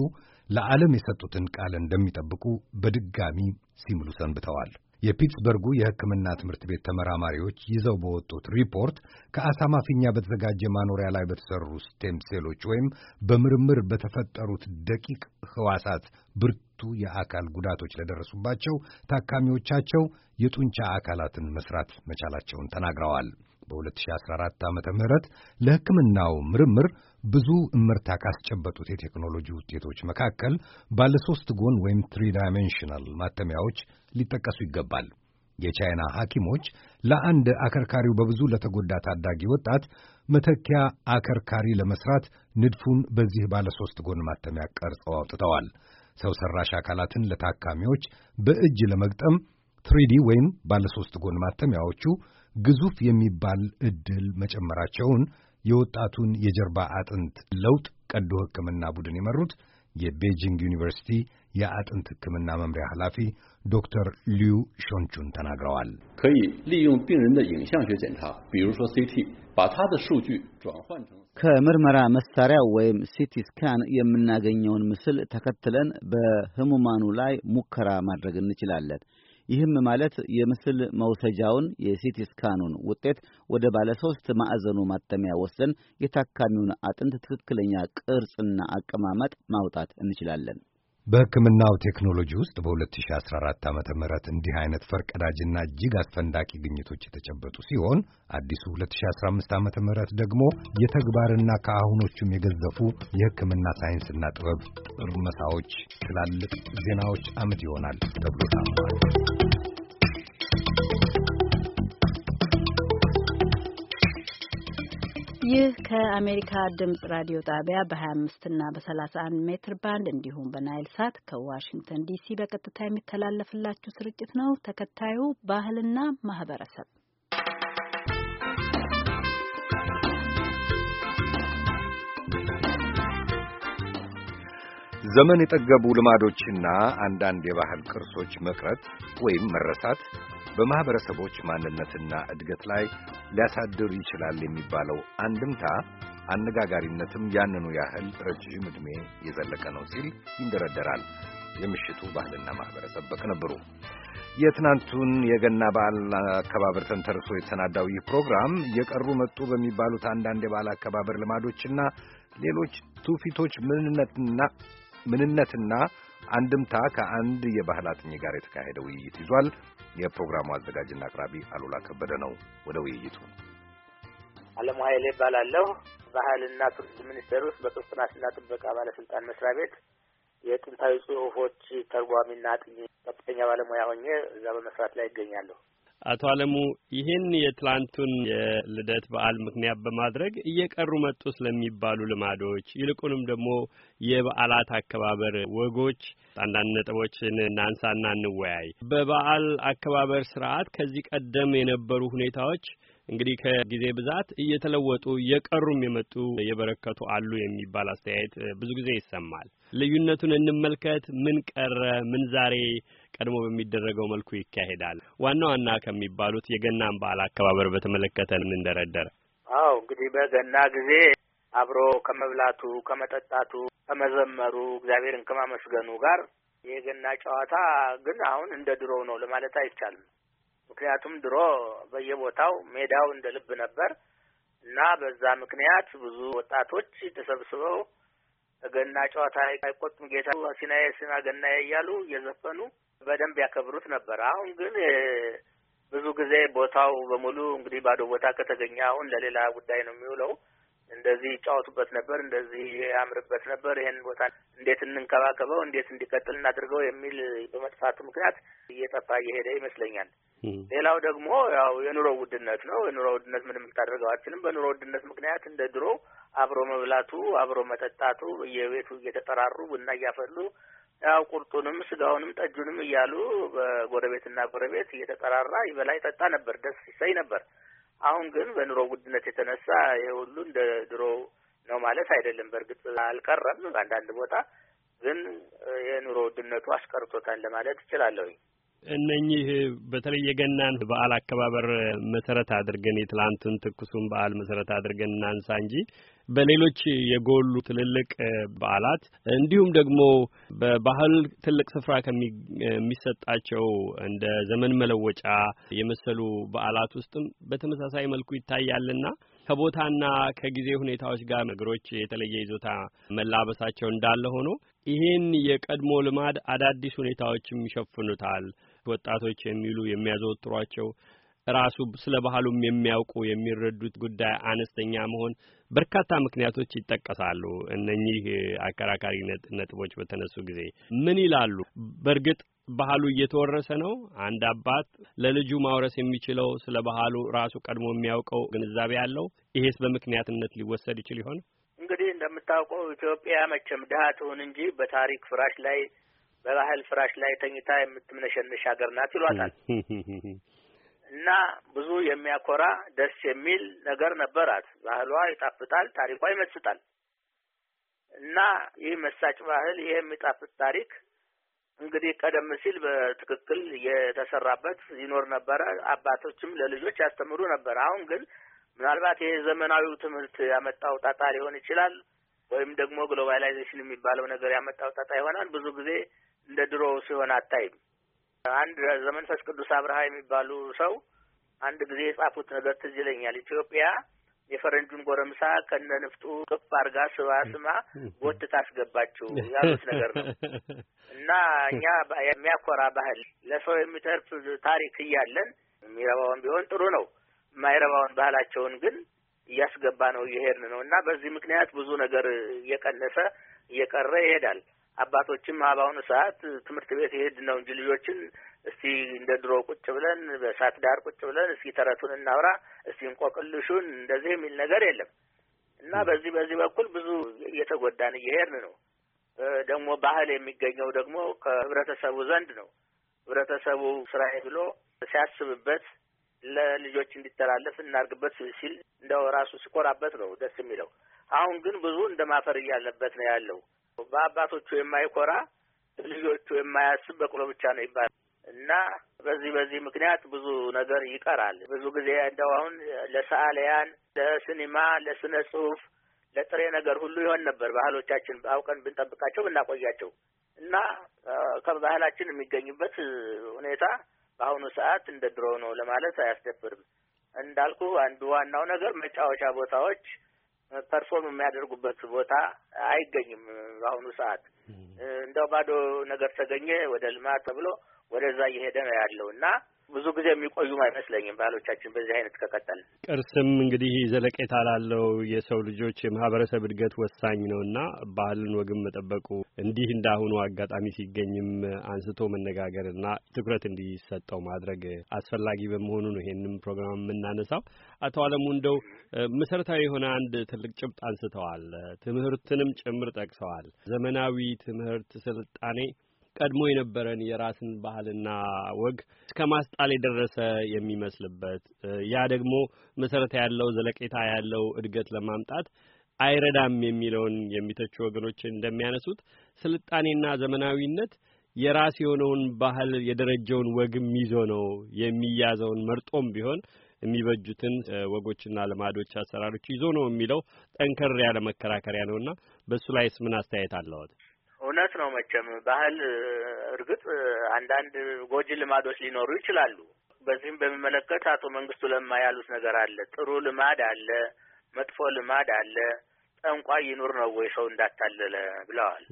ለዓለም የሰጡትን ቃል እንደሚጠብቁ በድጋሚ ሲምሉ ሰንብተዋል። የፒትስበርጉ የሕክምና ትምህርት ቤት ተመራማሪዎች ይዘው በወጡት ሪፖርት ከአሳማ ፊኛ በተዘጋጀ ማኖሪያ ላይ በተሰሩ ስቴም ሴሎች ወይም በምርምር በተፈጠሩት ደቂቅ ህዋሳት ብርቱ የአካል ጉዳቶች ለደረሱባቸው ታካሚዎቻቸው የጡንቻ አካላትን መስራት መቻላቸውን ተናግረዋል። በ2014 ዓ ም ለሕክምናው ምርምር ብዙ ምርታ ካስጨበጡት የቴክኖሎጂ ውጤቶች መካከል ባለ ጎን ወይም ትሪ ዳይሜንሽናል ማተሚያዎች ሊጠቀሱ ይገባል። የቻይና ሐኪሞች ለአንድ አከርካሪው በብዙ ለተጎዳ ታዳጊ ወጣት መተኪያ አከርካሪ ለመስራት ንድፉን በዚህ ባለ ጎን ማተሚያ ቀርጸው አውጥተዋል። ሰው ሠራሽ አካላትን ለታካሚዎች በእጅ ለመግጠም ትሪዲ ወይም ባለ ሶስት ጎን ማተሚያዎቹ ግዙፍ የሚባል ዕድል መጨመራቸውን የወጣቱን የጀርባ አጥንት ለውጥ ቀዶ ሕክምና ቡድን የመሩት የቤጂንግ ዩኒቨርሲቲ የአጥንት ሕክምና መምሪያ ኃላፊ ዶክተር ሊዩ ሾንቹን ተናግረዋል። ከምርመራ መሳሪያ ወይም ሲቲ ስካን የምናገኘውን ምስል ተከትለን በህሙማኑ ላይ ሙከራ ማድረግ እንችላለን። ይህም ማለት የምስል መውሰጃውን የሲቲ ስካኑን ውጤት ወደ ባለ ሶስት ማዕዘኑ ማተሚያ ወስደን የታካሚውን አጥንት ትክክለኛ ቅርጽና አቀማመጥ ማውጣት እንችላለን። በሕክምናው ቴክኖሎጂ ውስጥ በ2014 ዓ ም እንዲህ አይነት ፈርቀዳጅና እጅግ አስፈንዳቂ ግኝቶች የተጨበጡ ሲሆን አዲሱ 2015 ዓ ም ደግሞ የተግባርና ከአሁኖቹም የገዘፉ የሕክምና ሳይንስና ጥበብ ጥርመሳዎች፣ ትላልቅ ዜናዎች ዓመት ይሆናል ተብሎ ታምኗል። ይህ ከአሜሪካ ድምጽ ራዲዮ ጣቢያ በ25 እና በ31 ሜትር ባንድ እንዲሁም በናይል ሳት ከዋሽንግተን ዲሲ በቀጥታ የሚተላለፍላችሁ ስርጭት ነው። ተከታዩ ባህልና ማህበረሰብ ዘመን የጠገቡ ልማዶችና አንዳንድ የባህል ቅርሶች መቅረት ወይም መረሳት በማኅበረሰቦች ማንነትና እድገት ላይ ሊያሳድር ይችላል የሚባለው አንድምታ አነጋጋሪነትም ያንኑ ያህል ረጅም ዕድሜ የዘለቀ ነው ሲል ይንደረደራል። የምሽቱ ባህልና ማኅበረሰብ በቅንብሩ የትናንቱን የገና በዓል አከባበር ተንተርሶ የተሰናዳው ይህ ፕሮግራም የቀሩ መጡ በሚባሉት አንዳንድ የበዓል አከባበር ልማዶችና ሌሎች ትውፊቶች ምንነትና ምንነትና አንድምታ ከአንድ የባህል አጥኚ ጋር የተካሄደ ውይይት ይዟል። የፕሮግራሙ አዘጋጅና አቅራቢ አሉላ ከበደ ነው። ወደ ውይይቱ አለሙ ኃይሌ ይባላለሁ። ባህልና ቱሪዝም ሚኒስቴር ውስጥ በጥናትና ጥበቃ ባለስልጣን መስሪያ ቤት የጥንታዊ ጽሁፎች ተርጓሚና አጥኚ ከፍተኛ ባለሙያ ሆኜ እዛ በመስራት ላይ ይገኛለሁ። አቶ አለሙ ይህን የትላንቱን የልደት በዓል ምክንያት በማድረግ እየቀሩ መጡ ስለሚባሉ ልማዶች ይልቁንም ደግሞ የበዓላት አከባበር ወጎች አንዳንድ ነጥቦችን እናንሳና እንወያይ። በበዓል አከባበር ስርዓት ከዚህ ቀደም የነበሩ ሁኔታዎች እንግዲህ ከጊዜ ብዛት እየተለወጡ እየቀሩም የመጡ የበረከቱ አሉ የሚባል አስተያየት ብዙ ጊዜ ይሰማል። ልዩነቱን እንመልከት። ምን ቀረ? ምን ዛሬ ቀድሞ በሚደረገው መልኩ ይካሄዳል? ዋና ዋና ከሚባሉት የገናን በዓል አከባበር በተመለከተ እንደረደረ። አዎ እንግዲህ በገና ጊዜ አብሮ ከመብላቱ ከመጠጣቱ፣ ከመዘመሩ እግዚአብሔርን ከማመስገኑ ጋር የገና ጨዋታ ግን አሁን እንደ ድሮው ነው ለማለት አይቻልም። ምክንያቱም ድሮ በየቦታው ሜዳው እንደ ልብ ነበር እና በዛ ምክንያት ብዙ ወጣቶች ተሰብስበው ገና ጨዋታ አይቆጥም ጌታ ሲናየ ሲና ገናዬ እያሉ እየዘፈኑ በደንብ ያከብሩት ነበር። አሁን ግን ብዙ ጊዜ ቦታው በሙሉ እንግዲህ ባዶ ቦታ ከተገኘ አሁን ለሌላ ጉዳይ ነው የሚውለው። እንደዚህ ይጫወቱበት ነበር፣ እንደዚህ ያምርበት ነበር፣ ይህን ቦታ እንዴት እንንከባከበው፣ እንዴት እንዲቀጥል እናድርገው የሚል በመጥፋቱ ምክንያት እየጠፋ እየሄደ ይመስለኛል። ሌላው ደግሞ ያው የኑሮ ውድነት ነው። የኑሮ ውድነት ምንም ልታደርገው አትችልም። በኑሮ ውድነት ምክንያት እንደ ድሮ አብሮ መብላቱ፣ አብሮ መጠጣቱ፣ የቤቱ እየተጠራሩ ቡና እያፈሉ ያው ቁርጡንም ስጋውንም ጠጁንም እያሉ በጎረቤትና ጎረቤት እየተጠራራ ይበላ ይጠጣ ነበር። ደስ ይሰኝ ነበር። አሁን ግን በኑሮ ውድነት የተነሳ ይሄ ሁሉ እንደ ድሮ ነው ማለት አይደለም። በእርግጥ አልቀረም፣ በአንዳንድ ቦታ ግን የኑሮ ውድነቱ አስቀርቶታል ለማለት እችላለሁኝ። እነኚህ በተለይ የገናን በዓል አከባበር መሰረት አድርገን የትላንቱን ትኩሱን በዓል መሰረት አድርገን እናንሳ እንጂ በሌሎች የጎሉ ትልልቅ በዓላት እንዲሁም ደግሞ በባህል ትልቅ ስፍራ ከሚሰጣቸው እንደ ዘመን መለወጫ የመሰሉ በዓላት ውስጥም በተመሳሳይ መልኩ ይታያልና ከቦታና ከጊዜ ሁኔታዎች ጋር ነገሮች የተለየ ይዞታ መላበሳቸው እንዳለ ሆኖ ይህን የቀድሞ ልማድ አዳዲስ ሁኔታዎችም ይሸፍኑታል። ወጣቶች የሚሉ የሚያዘወትሯቸው ራሱ ስለ ባህሉም የሚያውቁ የሚረዱት ጉዳይ አነስተኛ መሆን በርካታ ምክንያቶች ይጠቀሳሉ። እነኚህ አከራካሪ ነጥቦች በተነሱ ጊዜ ምን ይላሉ? በእርግጥ ባህሉ እየተወረሰ ነው። አንድ አባት ለልጁ ማውረስ የሚችለው ስለ ባህሉ ራሱ ቀድሞ የሚያውቀው ግንዛቤ አለው። ይሄስ በምክንያትነት ሊወሰድ ይችል ይሆን? እንግዲህ እንደምታውቀው ኢትዮጵያ መቼም ድሀ ትሁን እንጂ በታሪክ ፍራሽ ላይ በባህል ፍራሽ ላይ ተኝታ የምትምነሸንሽ ሀገር ናት ይሏታል። እና ብዙ የሚያኮራ ደስ የሚል ነገር ነበራት። ባህሏ ይጣፍጣል፣ ታሪኳ ይመስጣል። እና ይህ መሳጭ ባህል፣ ይህ የሚጣፍጥ ታሪክ እንግዲህ ቀደም ሲል በትክክል የተሰራበት ይኖር ነበረ። አባቶችም ለልጆች ያስተምሩ ነበር። አሁን ግን ምናልባት ይሄ ዘመናዊው ትምህርት ያመጣው ጣጣ ሊሆን ይችላል፣ ወይም ደግሞ ግሎባላይዜሽን የሚባለው ነገር ያመጣው ጣጣ ይሆናል። ብዙ ጊዜ እንደ ድሮ ሲሆን አታይም። አንድ ዘመንፈስ ቅዱስ አብርሃ የሚባሉ ሰው አንድ ጊዜ የጻፉት ነገር ትዝ ይለኛል። ኢትዮጵያ የፈረንጁን ጎረምሳ ከነ ንፍጡ ቅፍ አርጋ ስባ ስማ ጎትታ አስገባችው ያሉት ነገር ነው እና እኛ የሚያኮራ ባህል ለሰው የሚተርፍ ታሪክ እያለን የሚረባውን ቢሆን ጥሩ ነው። የማይረባውን ባህላቸውን ግን እያስገባ ነው እየሄድን ነው እና በዚህ ምክንያት ብዙ ነገር እየቀነሰ እየቀረ ይሄዳል። አባቶችም በአሁኑ ሰዓት ትምህርት ቤት ይሄድ ነው እንጂ ልጆችን እስቲ እንደ ድሮ ቁጭ ብለን በእሳት ዳር ቁጭ ብለን እስቲ ተረቱን እናውራ፣ እስቲ እንቆቅልሹን እንደዚህ የሚል ነገር የለም እና በዚህ በዚህ በኩል ብዙ እየተጎዳን እየሄድን ነው። ደግሞ ባህል የሚገኘው ደግሞ ከህብረተሰቡ ዘንድ ነው። ህብረተሰቡ ስራዬ ብሎ ሲያስብበት ለልጆች እንዲተላለፍ እናርግበት ሲል እንደው ራሱ ሲኮራበት ነው ደስ የሚለው። አሁን ግን ብዙ እንደ ማፈር እያለበት ነው ያለው። በአባቶቹ የማይኮራ ልጆቹ የማያስብ በቅሎ ብቻ ነው ይባላል። እና በዚህ በዚህ ምክንያት ብዙ ነገር ይቀራል። ብዙ ጊዜ እንደው አሁን ለሰዓሊያን፣ ለሲኒማ፣ ለስነ ጽሁፍ፣ ለጥሬ ነገር ሁሉ ይሆን ነበር። ባህሎቻችን አውቀን ብንጠብቃቸው ብናቆያቸው እና ከባህላችን የሚገኙበት ሁኔታ በአሁኑ ሰዓት እንደ ድሮ ነው ለማለት አያስደፍርም። እንዳልኩ አንዱ ዋናው ነገር መጫወቻ ቦታዎች ፐርፎርም የሚያደርጉበት ቦታ አይገኝም። በአሁኑ ሰዓት እንደው ባዶ ነገር ተገኘ ወደ ልማት ተብሎ ወደዛ እየሄደ ነው ያለው እና ብዙ ጊዜ የሚቆዩም አይመስለኝም ባህሎቻችን በዚህ አይነት ከቀጠል። ቅርስም እንግዲህ ዘለቄታ ላለው የሰው ልጆች የማህበረሰብ እድገት ወሳኝ ነውና ባህልን ወግም መጠበቁ እንዲህ እንዳሁኑ አጋጣሚ ሲገኝም አንስቶ መነጋገርና ትኩረት እንዲሰጠው ማድረግ አስፈላጊ በመሆኑ ነው ይሄንም ፕሮግራም የምናነሳው። አቶ አለሙ እንደው መሰረታዊ የሆነ አንድ ትልቅ ጭብጥ አንስተዋል። ትምህርትንም ጭምር ጠቅሰዋል። ዘመናዊ ትምህርት ስልጣኔ ቀድሞ የነበረን የራስን ባህልና ወግ እስከ ማስጣል የደረሰ የሚመስልበት ያ ደግሞ መሰረት ያለው ዘለቄታ ያለው እድገት ለማምጣት አይረዳም የሚለውን የሚተቹ ወገኖች እንደሚያነሱት ስልጣኔና ዘመናዊነት የራስ የሆነውን ባህል የደረጀውን ወግም ይዞ ነው የሚያዘውን መርጦም ቢሆን የሚበጁትን ወጎችና ልማዶች፣ አሰራሮች ይዞ ነው የሚለው ጠንከር ያለ መከራከሪያ ነውና በእሱ ላይ ምን አስተያየት አለዎት? እውነት ነው መቼም ባህል እርግጥ አንዳንድ ጎጂ ልማዶች ሊኖሩ ይችላሉ። በዚህም በሚመለከት አቶ መንግስቱ ለማ ያሉት ነገር አለ። ጥሩ ልማድ አለ፣ መጥፎ ልማድ አለ። ጠንቋይ ይኑር ነው ወይ ሰው እንዳታለለ ብለዋል።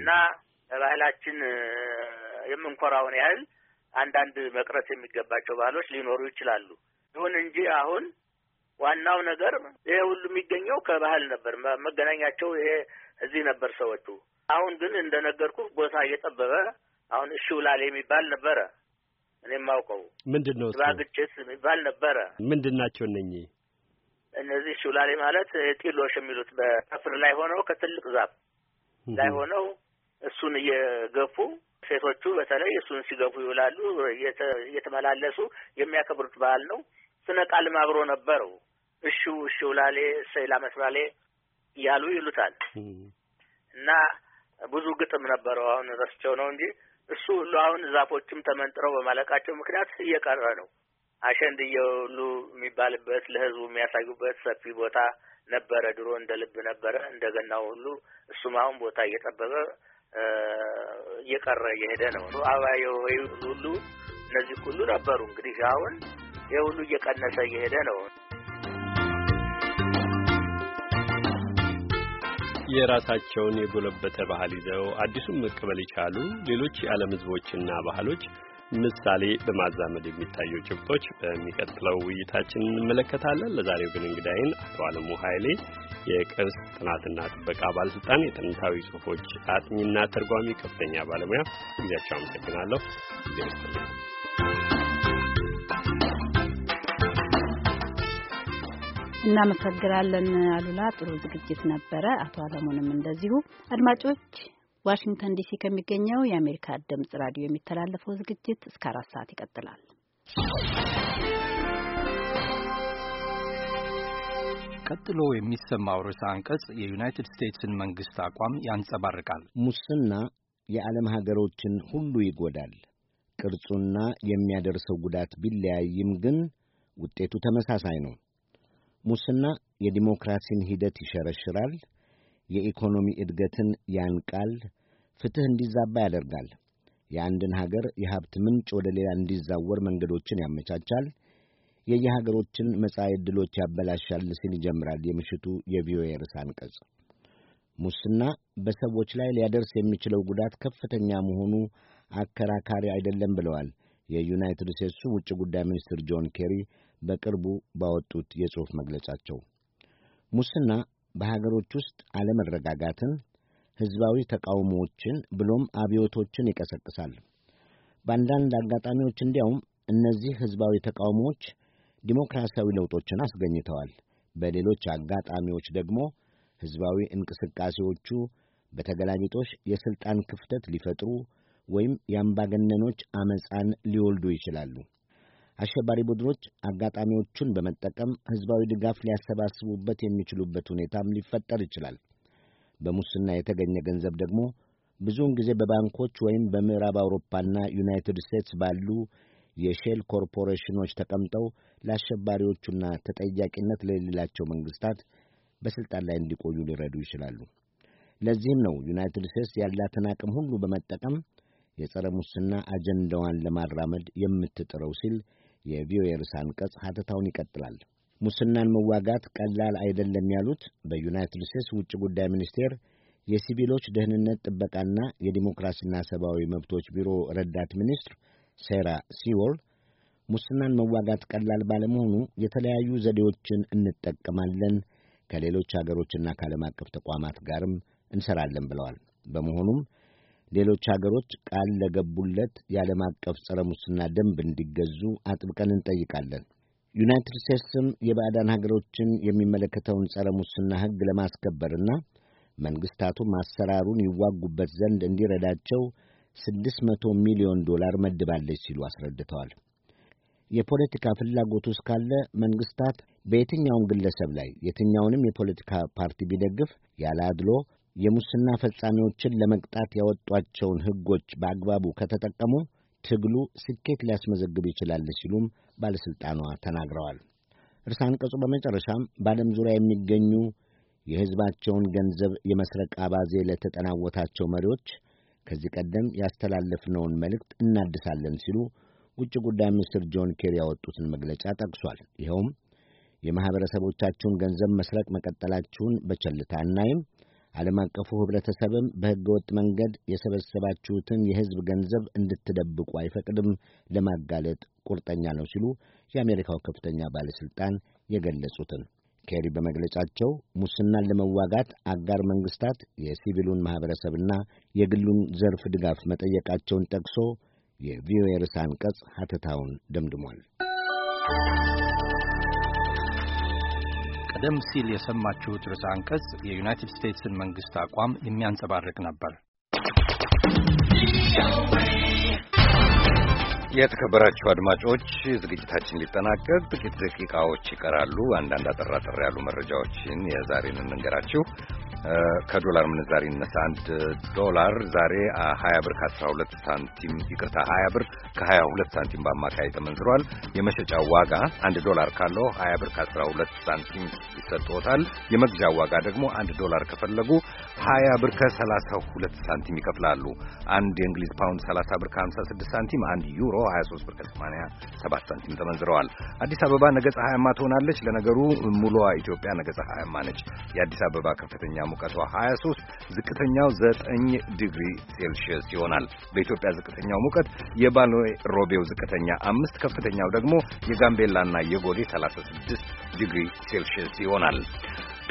እና ባህላችን የምንኮራውን ያህል አንዳንድ መቅረት የሚገባቸው ባህሎች ሊኖሩ ይችላሉ። ይሁን እንጂ አሁን ዋናው ነገር ይሄ ሁሉ የሚገኘው ከባህል ነበር። መገናኛቸው ይሄ እዚህ ነበር ሰዎቹ አሁን ግን እንደነገርኩ ቦታ እየጠበበ አሁን እሺ ውላል የሚባል ነበረ። እኔ የማውቀው ምንድን ነው ግጭት የሚባል ነበረ። ምንድን ናቸው እነኚህ? እነዚህ እሺ ውላሌ ማለት ጢሎሽ የሚሉት በጠፍር ላይ ሆነው ከትልቅ ዛፍ ላይ ሆነው እሱን እየገፉ ሴቶቹ በተለይ እሱን ሲገፉ ይውላሉ። እየተመላለሱ የሚያከብሩት በዓል ነው። ስነ ቃልም አብሮ ነበረው። እሺው እሺው ላሌ ሰይላ መስራሌ እያሉ ይሉታል እና ብዙ ግጥም ነበረው። አሁን ረስቸው ነው እንጂ እሱ ሁሉ አሁን ዛፎችም ተመንጥረው በማለቃቸው ምክንያት እየቀረ ነው። አሸንድዬ ሁሉ የሚባልበት ለህዝቡ የሚያሳዩበት ሰፊ ቦታ ነበረ። ድሮ እንደ ልብ ነበረ እንደገናው ሁሉ እሱም አሁን ቦታ እየጠበበ እየቀረ እየሄደ ነው። አባየ ሁሉ እነዚህ ሁሉ ነበሩ። እንግዲህ አሁን ይህ ሁሉ እየቀነሰ እየሄደ ነው። የራሳቸውን የጎለበተ ባህል ይዘው አዲሱን መቀበል የቻሉ ሌሎች የዓለም ሕዝቦችና ባህሎች ምሳሌ በማዛመድ የሚታዩ ጭብጦች በሚቀጥለው ውይይታችን እንመለከታለን። ለዛሬው ግን እንግዳይን አቶ አለሙ ኃይሌ የቅርስ ጥናትና ጥበቃ ባለስልጣን የጥንታዊ ጽሁፎች አጥኚና ተርጓሚ ከፍተኛ ባለሙያ ጊዜያቸው አመሰግናለሁ። እናመሰግናለን አሉላ። ጥሩ ዝግጅት ነበረ። አቶ አለሙንም እንደዚሁ። አድማጮች ዋሽንግተን ዲሲ ከሚገኘው የአሜሪካ ድምጽ ራዲዮ የሚተላለፈው ዝግጅት እስከ አራት ሰዓት ይቀጥላል። ቀጥሎ የሚሰማው ርዕሰ አንቀጽ የዩናይትድ ስቴትስን መንግስት አቋም ያንጸባርቃል። ሙስና የዓለም ሀገሮችን ሁሉ ይጎዳል። ቅርጹና የሚያደርሰው ጉዳት ቢለያይም ግን ውጤቱ ተመሳሳይ ነው። ሙስና የዲሞክራሲን ሂደት ይሸረሽራል፣ የኢኮኖሚ እድገትን ያንቃል፣ ፍትሕ እንዲዛባ ያደርጋል፣ የአንድን ሀገር የሀብት ምንጭ ወደ ሌላ እንዲዛወር መንገዶችን ያመቻቻል፣ የየሀገሮችን መጻኢ ዕድሎች ያበላሻል ሲል ይጀምራል የምሽቱ የቪኦኤ ርዕስ አንቀጽ። ሙስና በሰዎች ላይ ሊያደርስ የሚችለው ጉዳት ከፍተኛ መሆኑ አከራካሪ አይደለም ብለዋል የዩናይትድ ስቴትሱ ውጭ ጉዳይ ሚኒስትር ጆን ኬሪ በቅርቡ ባወጡት የጽሑፍ መግለጫቸው ሙስና በሀገሮች ውስጥ አለመረጋጋትን፣ ሕዝባዊ ተቃውሞዎችን ብሎም አብዮቶችን ይቀሰቅሳል። በአንዳንድ አጋጣሚዎች እንዲያውም እነዚህ ሕዝባዊ ተቃውሞዎች ዲሞክራሲያዊ ለውጦችን አስገኝተዋል። በሌሎች አጋጣሚዎች ደግሞ ሕዝባዊ እንቅስቃሴዎቹ በተገላጊጦሽ የሥልጣን ክፍተት ሊፈጥሩ ወይም የአምባገነኖች አመፃን ሊወልዱ ይችላሉ። አሸባሪ ቡድኖች አጋጣሚዎቹን በመጠቀም ሕዝባዊ ድጋፍ ሊያሰባስቡበት የሚችሉበት ሁኔታም ሊፈጠር ይችላል። በሙስና የተገኘ ገንዘብ ደግሞ ብዙውን ጊዜ በባንኮች ወይም በምዕራብ አውሮፓና ዩናይትድ ስቴትስ ባሉ የሼል ኮርፖሬሽኖች ተቀምጠው ለአሸባሪዎቹና ተጠያቂነት ለሌላቸው መንግሥታት በሥልጣን ላይ እንዲቆዩ ሊረዱ ይችላሉ። ለዚህም ነው ዩናይትድ ስቴትስ ያላትን አቅም ሁሉ በመጠቀም የጸረ ሙስና አጀንዳዋን ለማራመድ የምትጥረው ሲል የቪኦኤ ርዕሰ አንቀጽ ሐተታውን ይቀጥላል። ሙስናን መዋጋት ቀላል አይደለም ያሉት በዩናይትድ ስቴትስ ውጭ ጉዳይ ሚኒስቴር የሲቪሎች ደህንነት ጥበቃና የዲሞክራሲና ሰብአዊ መብቶች ቢሮ ረዳት ሚኒስትር ሴራ ሲዎል ሙስናን መዋጋት ቀላል ባለመሆኑ የተለያዩ ዘዴዎችን እንጠቀማለን፣ ከሌሎች አገሮችና ከዓለም አቀፍ ተቋማት ጋርም እንሰራለን ብለዋል። በመሆኑም ሌሎች ሀገሮች ቃል ለገቡለት የዓለም አቀፍ ጸረ ሙስና ደንብ እንዲገዙ አጥብቀን እንጠይቃለን። ዩናይትድ ስቴትስም የባዕዳን ሀገሮችን የሚመለከተውን ጸረ ሙስና ሕግ ለማስከበርና መንግሥታቱም አሰራሩን ይዋጉበት ዘንድ እንዲረዳቸው ስድስት መቶ ሚሊዮን ዶላር መድባለች ሲሉ አስረድተዋል። የፖለቲካ ፍላጎቱ እስካለ መንግሥታት በየትኛውም ግለሰብ ላይ የትኛውንም የፖለቲካ ፓርቲ ቢደግፍ ያለ አድሎ የሙስና ፈጻሚዎችን ለመቅጣት ያወጧቸውን ሕጎች በአግባቡ ከተጠቀሙ ትግሉ ስኬት ሊያስመዘግብ ይችላል ሲሉም ባለሥልጣኗ ተናግረዋል። እርስ አንቀጹ በመጨረሻም በዓለም ዙሪያ የሚገኙ የሕዝባቸውን ገንዘብ የመስረቅ አባዜ ለተጠናወታቸው መሪዎች ከዚህ ቀደም ያስተላለፍነውን መልእክት እናድሳለን ሲሉ ውጭ ጉዳይ ሚኒስትር ጆን ኬሪ ያወጡትን መግለጫ ጠቅሷል። ይኸውም የማኅበረሰቦቻችሁን ገንዘብ መስረቅ መቀጠላችሁን በቸልታ አናይም፣ ዓለም አቀፉ ኅብረተሰብም ወጥ መንገድ የሰበሰባችሁትን የሕዝብ ገንዘብ እንድትደብቁ አይፈቅድም፣ ለማጋለጥ ቁርጠኛ ነው ሲሉ የአሜሪካው ከፍተኛ ባለሥልጣን የገለጹትን ኬሪ በመግለጫቸው ሙስናን ለመዋጋት አጋር መንግሥታት የሲቪሉን ማኅበረሰብና የግሉን ዘርፍ ድጋፍ መጠየቃቸውን ጠቅሶ የቪኦኤ ርዕሰ አንቀጽ ሐተታውን ደምድሟል። ቀደም ሲል የሰማችሁት ርዕሰ አንቀጽ የዩናይትድ ስቴትስን መንግስት አቋም የሚያንጸባርቅ ነበር። የተከበራችሁ አድማጮች ዝግጅታችን ሊጠናቀቅ ጥቂት ደቂቃዎች ይቀራሉ። አንዳንድ አጠራጠር ያሉ መረጃዎችን የዛሬን እንንገራችሁ። ከዶላር ምንዛሪ እነሳ አንድ ዶላር ዛሬ 20 ብር ከ12 ሳንቲም ይቅርታ 20 ብር ከ22 ሳንቲም በአማካይ ተመንዝሯል። የመሸጫው ዋጋ አንድ ዶላር ካለው 20 ብር ከ12 ሳንቲም ይሰጥዎታል። የመግዣ ዋጋ ደግሞ አንድ ዶላር ከፈለጉ 20 ብር ከ32 ሳንቲም ይከፍላሉ። አንድ የእንግሊዝ ፓውንድ 30 ብር ከ56 ሳንቲም፣ አንድ ዩሮ 23 ብር ከ87 ሳንቲም ተመንዝረዋል። አዲስ አበባ ነገ ፀሐያማ ትሆናለች። ለነገሩ ሙሉዋ ኢትዮጵያ ነገ ፀሐያማ ነች። የአዲስ አበባ ከፍተኛ ሙቀቷ 23፣ ዝቅተኛው 9 ዲግሪ ሴልሺየስ ይሆናል። በኢትዮጵያ ዝቅተኛው ሙቀት የባሌ ሮቤው ዝቅተኛ 5፣ ከፍተኛው ደግሞ የጋምቤላና የጎዴ 36 ዲግሪ ሴልሺየስ ይሆናል።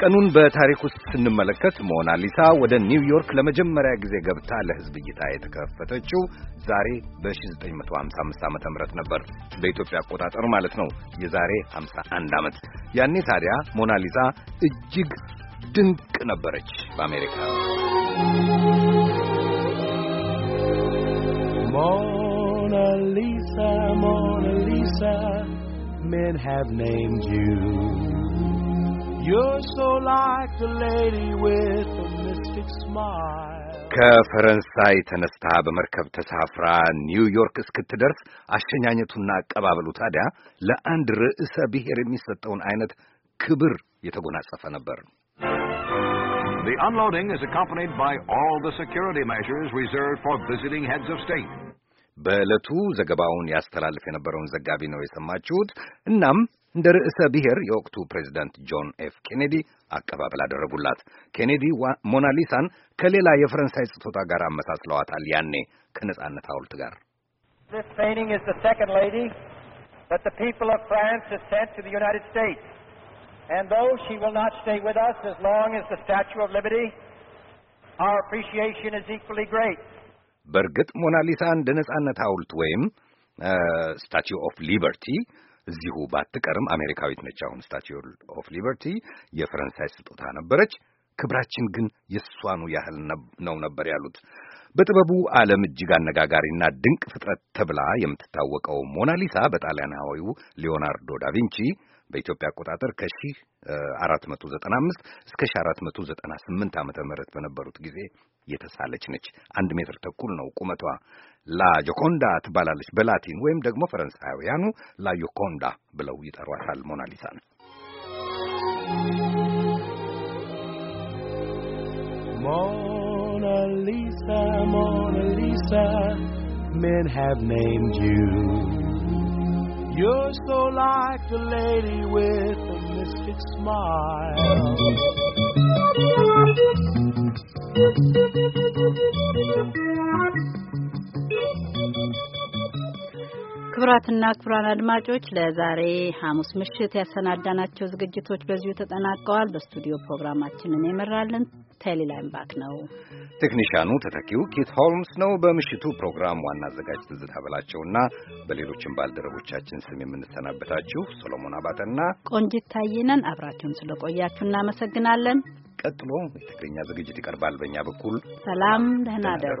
ቀኑን በታሪክ ውስጥ ስንመለከት ሞናሊሳ ወደ ኒውዮርክ ለመጀመሪያ ጊዜ ገብታ ለሕዝብ እይታ የተከፈተችው ዛሬ በ1955 ዓ ም ነበር በኢትዮጵያ አቆጣጠር ማለት ነው። የዛሬ 51 ዓመት። ያኔ ታዲያ ሞናሊሳ እጅግ ድንቅ ነበረች በአሜሪካ ሞናሊሳ ሞናሊሳ men have named you. ከፈረንሳይ ተነስታ በመርከብ ተሳፍራ ኒውዮርክ እስክትደርስ አሸኛኘቱና አቀባበሉ ታዲያ ለአንድ ርዕሰ ብሔር የሚሰጠውን አይነት ክብር የተጎናጸፈ ነበር። The unloading is accompanied by all the security measures በዕለቱ ዘገባውን ያስተላልፍ የነበረውን ዘጋቢ ነው የሰማችሁት። እናም እንደ ርዕሰ ብሔር የወቅቱ ፕሬዚደንት ጆን ኤፍ ኬኔዲ አቀባበል አደረጉላት። ኬኔዲ ሞናሊሳን ከሌላ የፈረንሳይ ስጦታ ጋር አመሳስለዋታል። ያኔ ከነጻነት ሐውልት ጋር በእርግጥ ሞናሊሳ እንደ ነጻነት ሐውልት ወይም ስታቹ ኦፍ ሊበርቲ እዚሁ ባትቀርም አሜሪካዊት ነች። አሁን ስታቹ ኦፍ ሊበርቲ የፈረንሳይ ስጦታ ነበረች። ክብራችን ግን የእሷኑ ያህል ነው ነበር ያሉት። በጥበቡ ዓለም እጅግ አነጋጋሪና ድንቅ ፍጥረት ተብላ የምትታወቀው ሞናሊሳ በጣሊያናዊው ሊዮናርዶ ዳቪንቺ በኢትዮጵያ አቆጣጠር ከ1495 እስከ 1498 ዓመተ ምህረት በነበሩት ጊዜ የተሳለች ነች። አንድ ሜትር ተኩል ነው ቁመቷ። ላጆኮንዳ ትባላለች በላቲን ወይም ደግሞ ፈረንሳያውያኑ ጆኮንዳ ብለው ይጠሯታል ሞናሊሳን። Mona Lisa, Mona Lisa, men have named you. You're so like the lady with the mystic smile. ክቡራትና ክቡራን አድማጮች ለዛሬ ሐሙስ ምሽት ያሰናዳናቸው ዝግጅቶች በዚሁ ተጠናቀዋል። በስቱዲዮ ፕሮግራማችንን የመራልን ቴሌላይም ባክ ነው። ቴክኒሻኑ ተተኪው ኬት ሆልምስ ነው። በምሽቱ ፕሮግራም ዋና አዘጋጅ ትዝታ በላቸውና በሌሎችም ባልደረቦቻችን ስም የምንሰናበታችሁ ሶሎሞን አባተና ቆንጂት ታየነን አብራችሁን ስለቆያችሁ እናመሰግናለን። ቀጥሎ የትግርኛ ዝግጅት ይቀርባል። በእኛ በኩል ሰላም፣ ደህና አደሩ።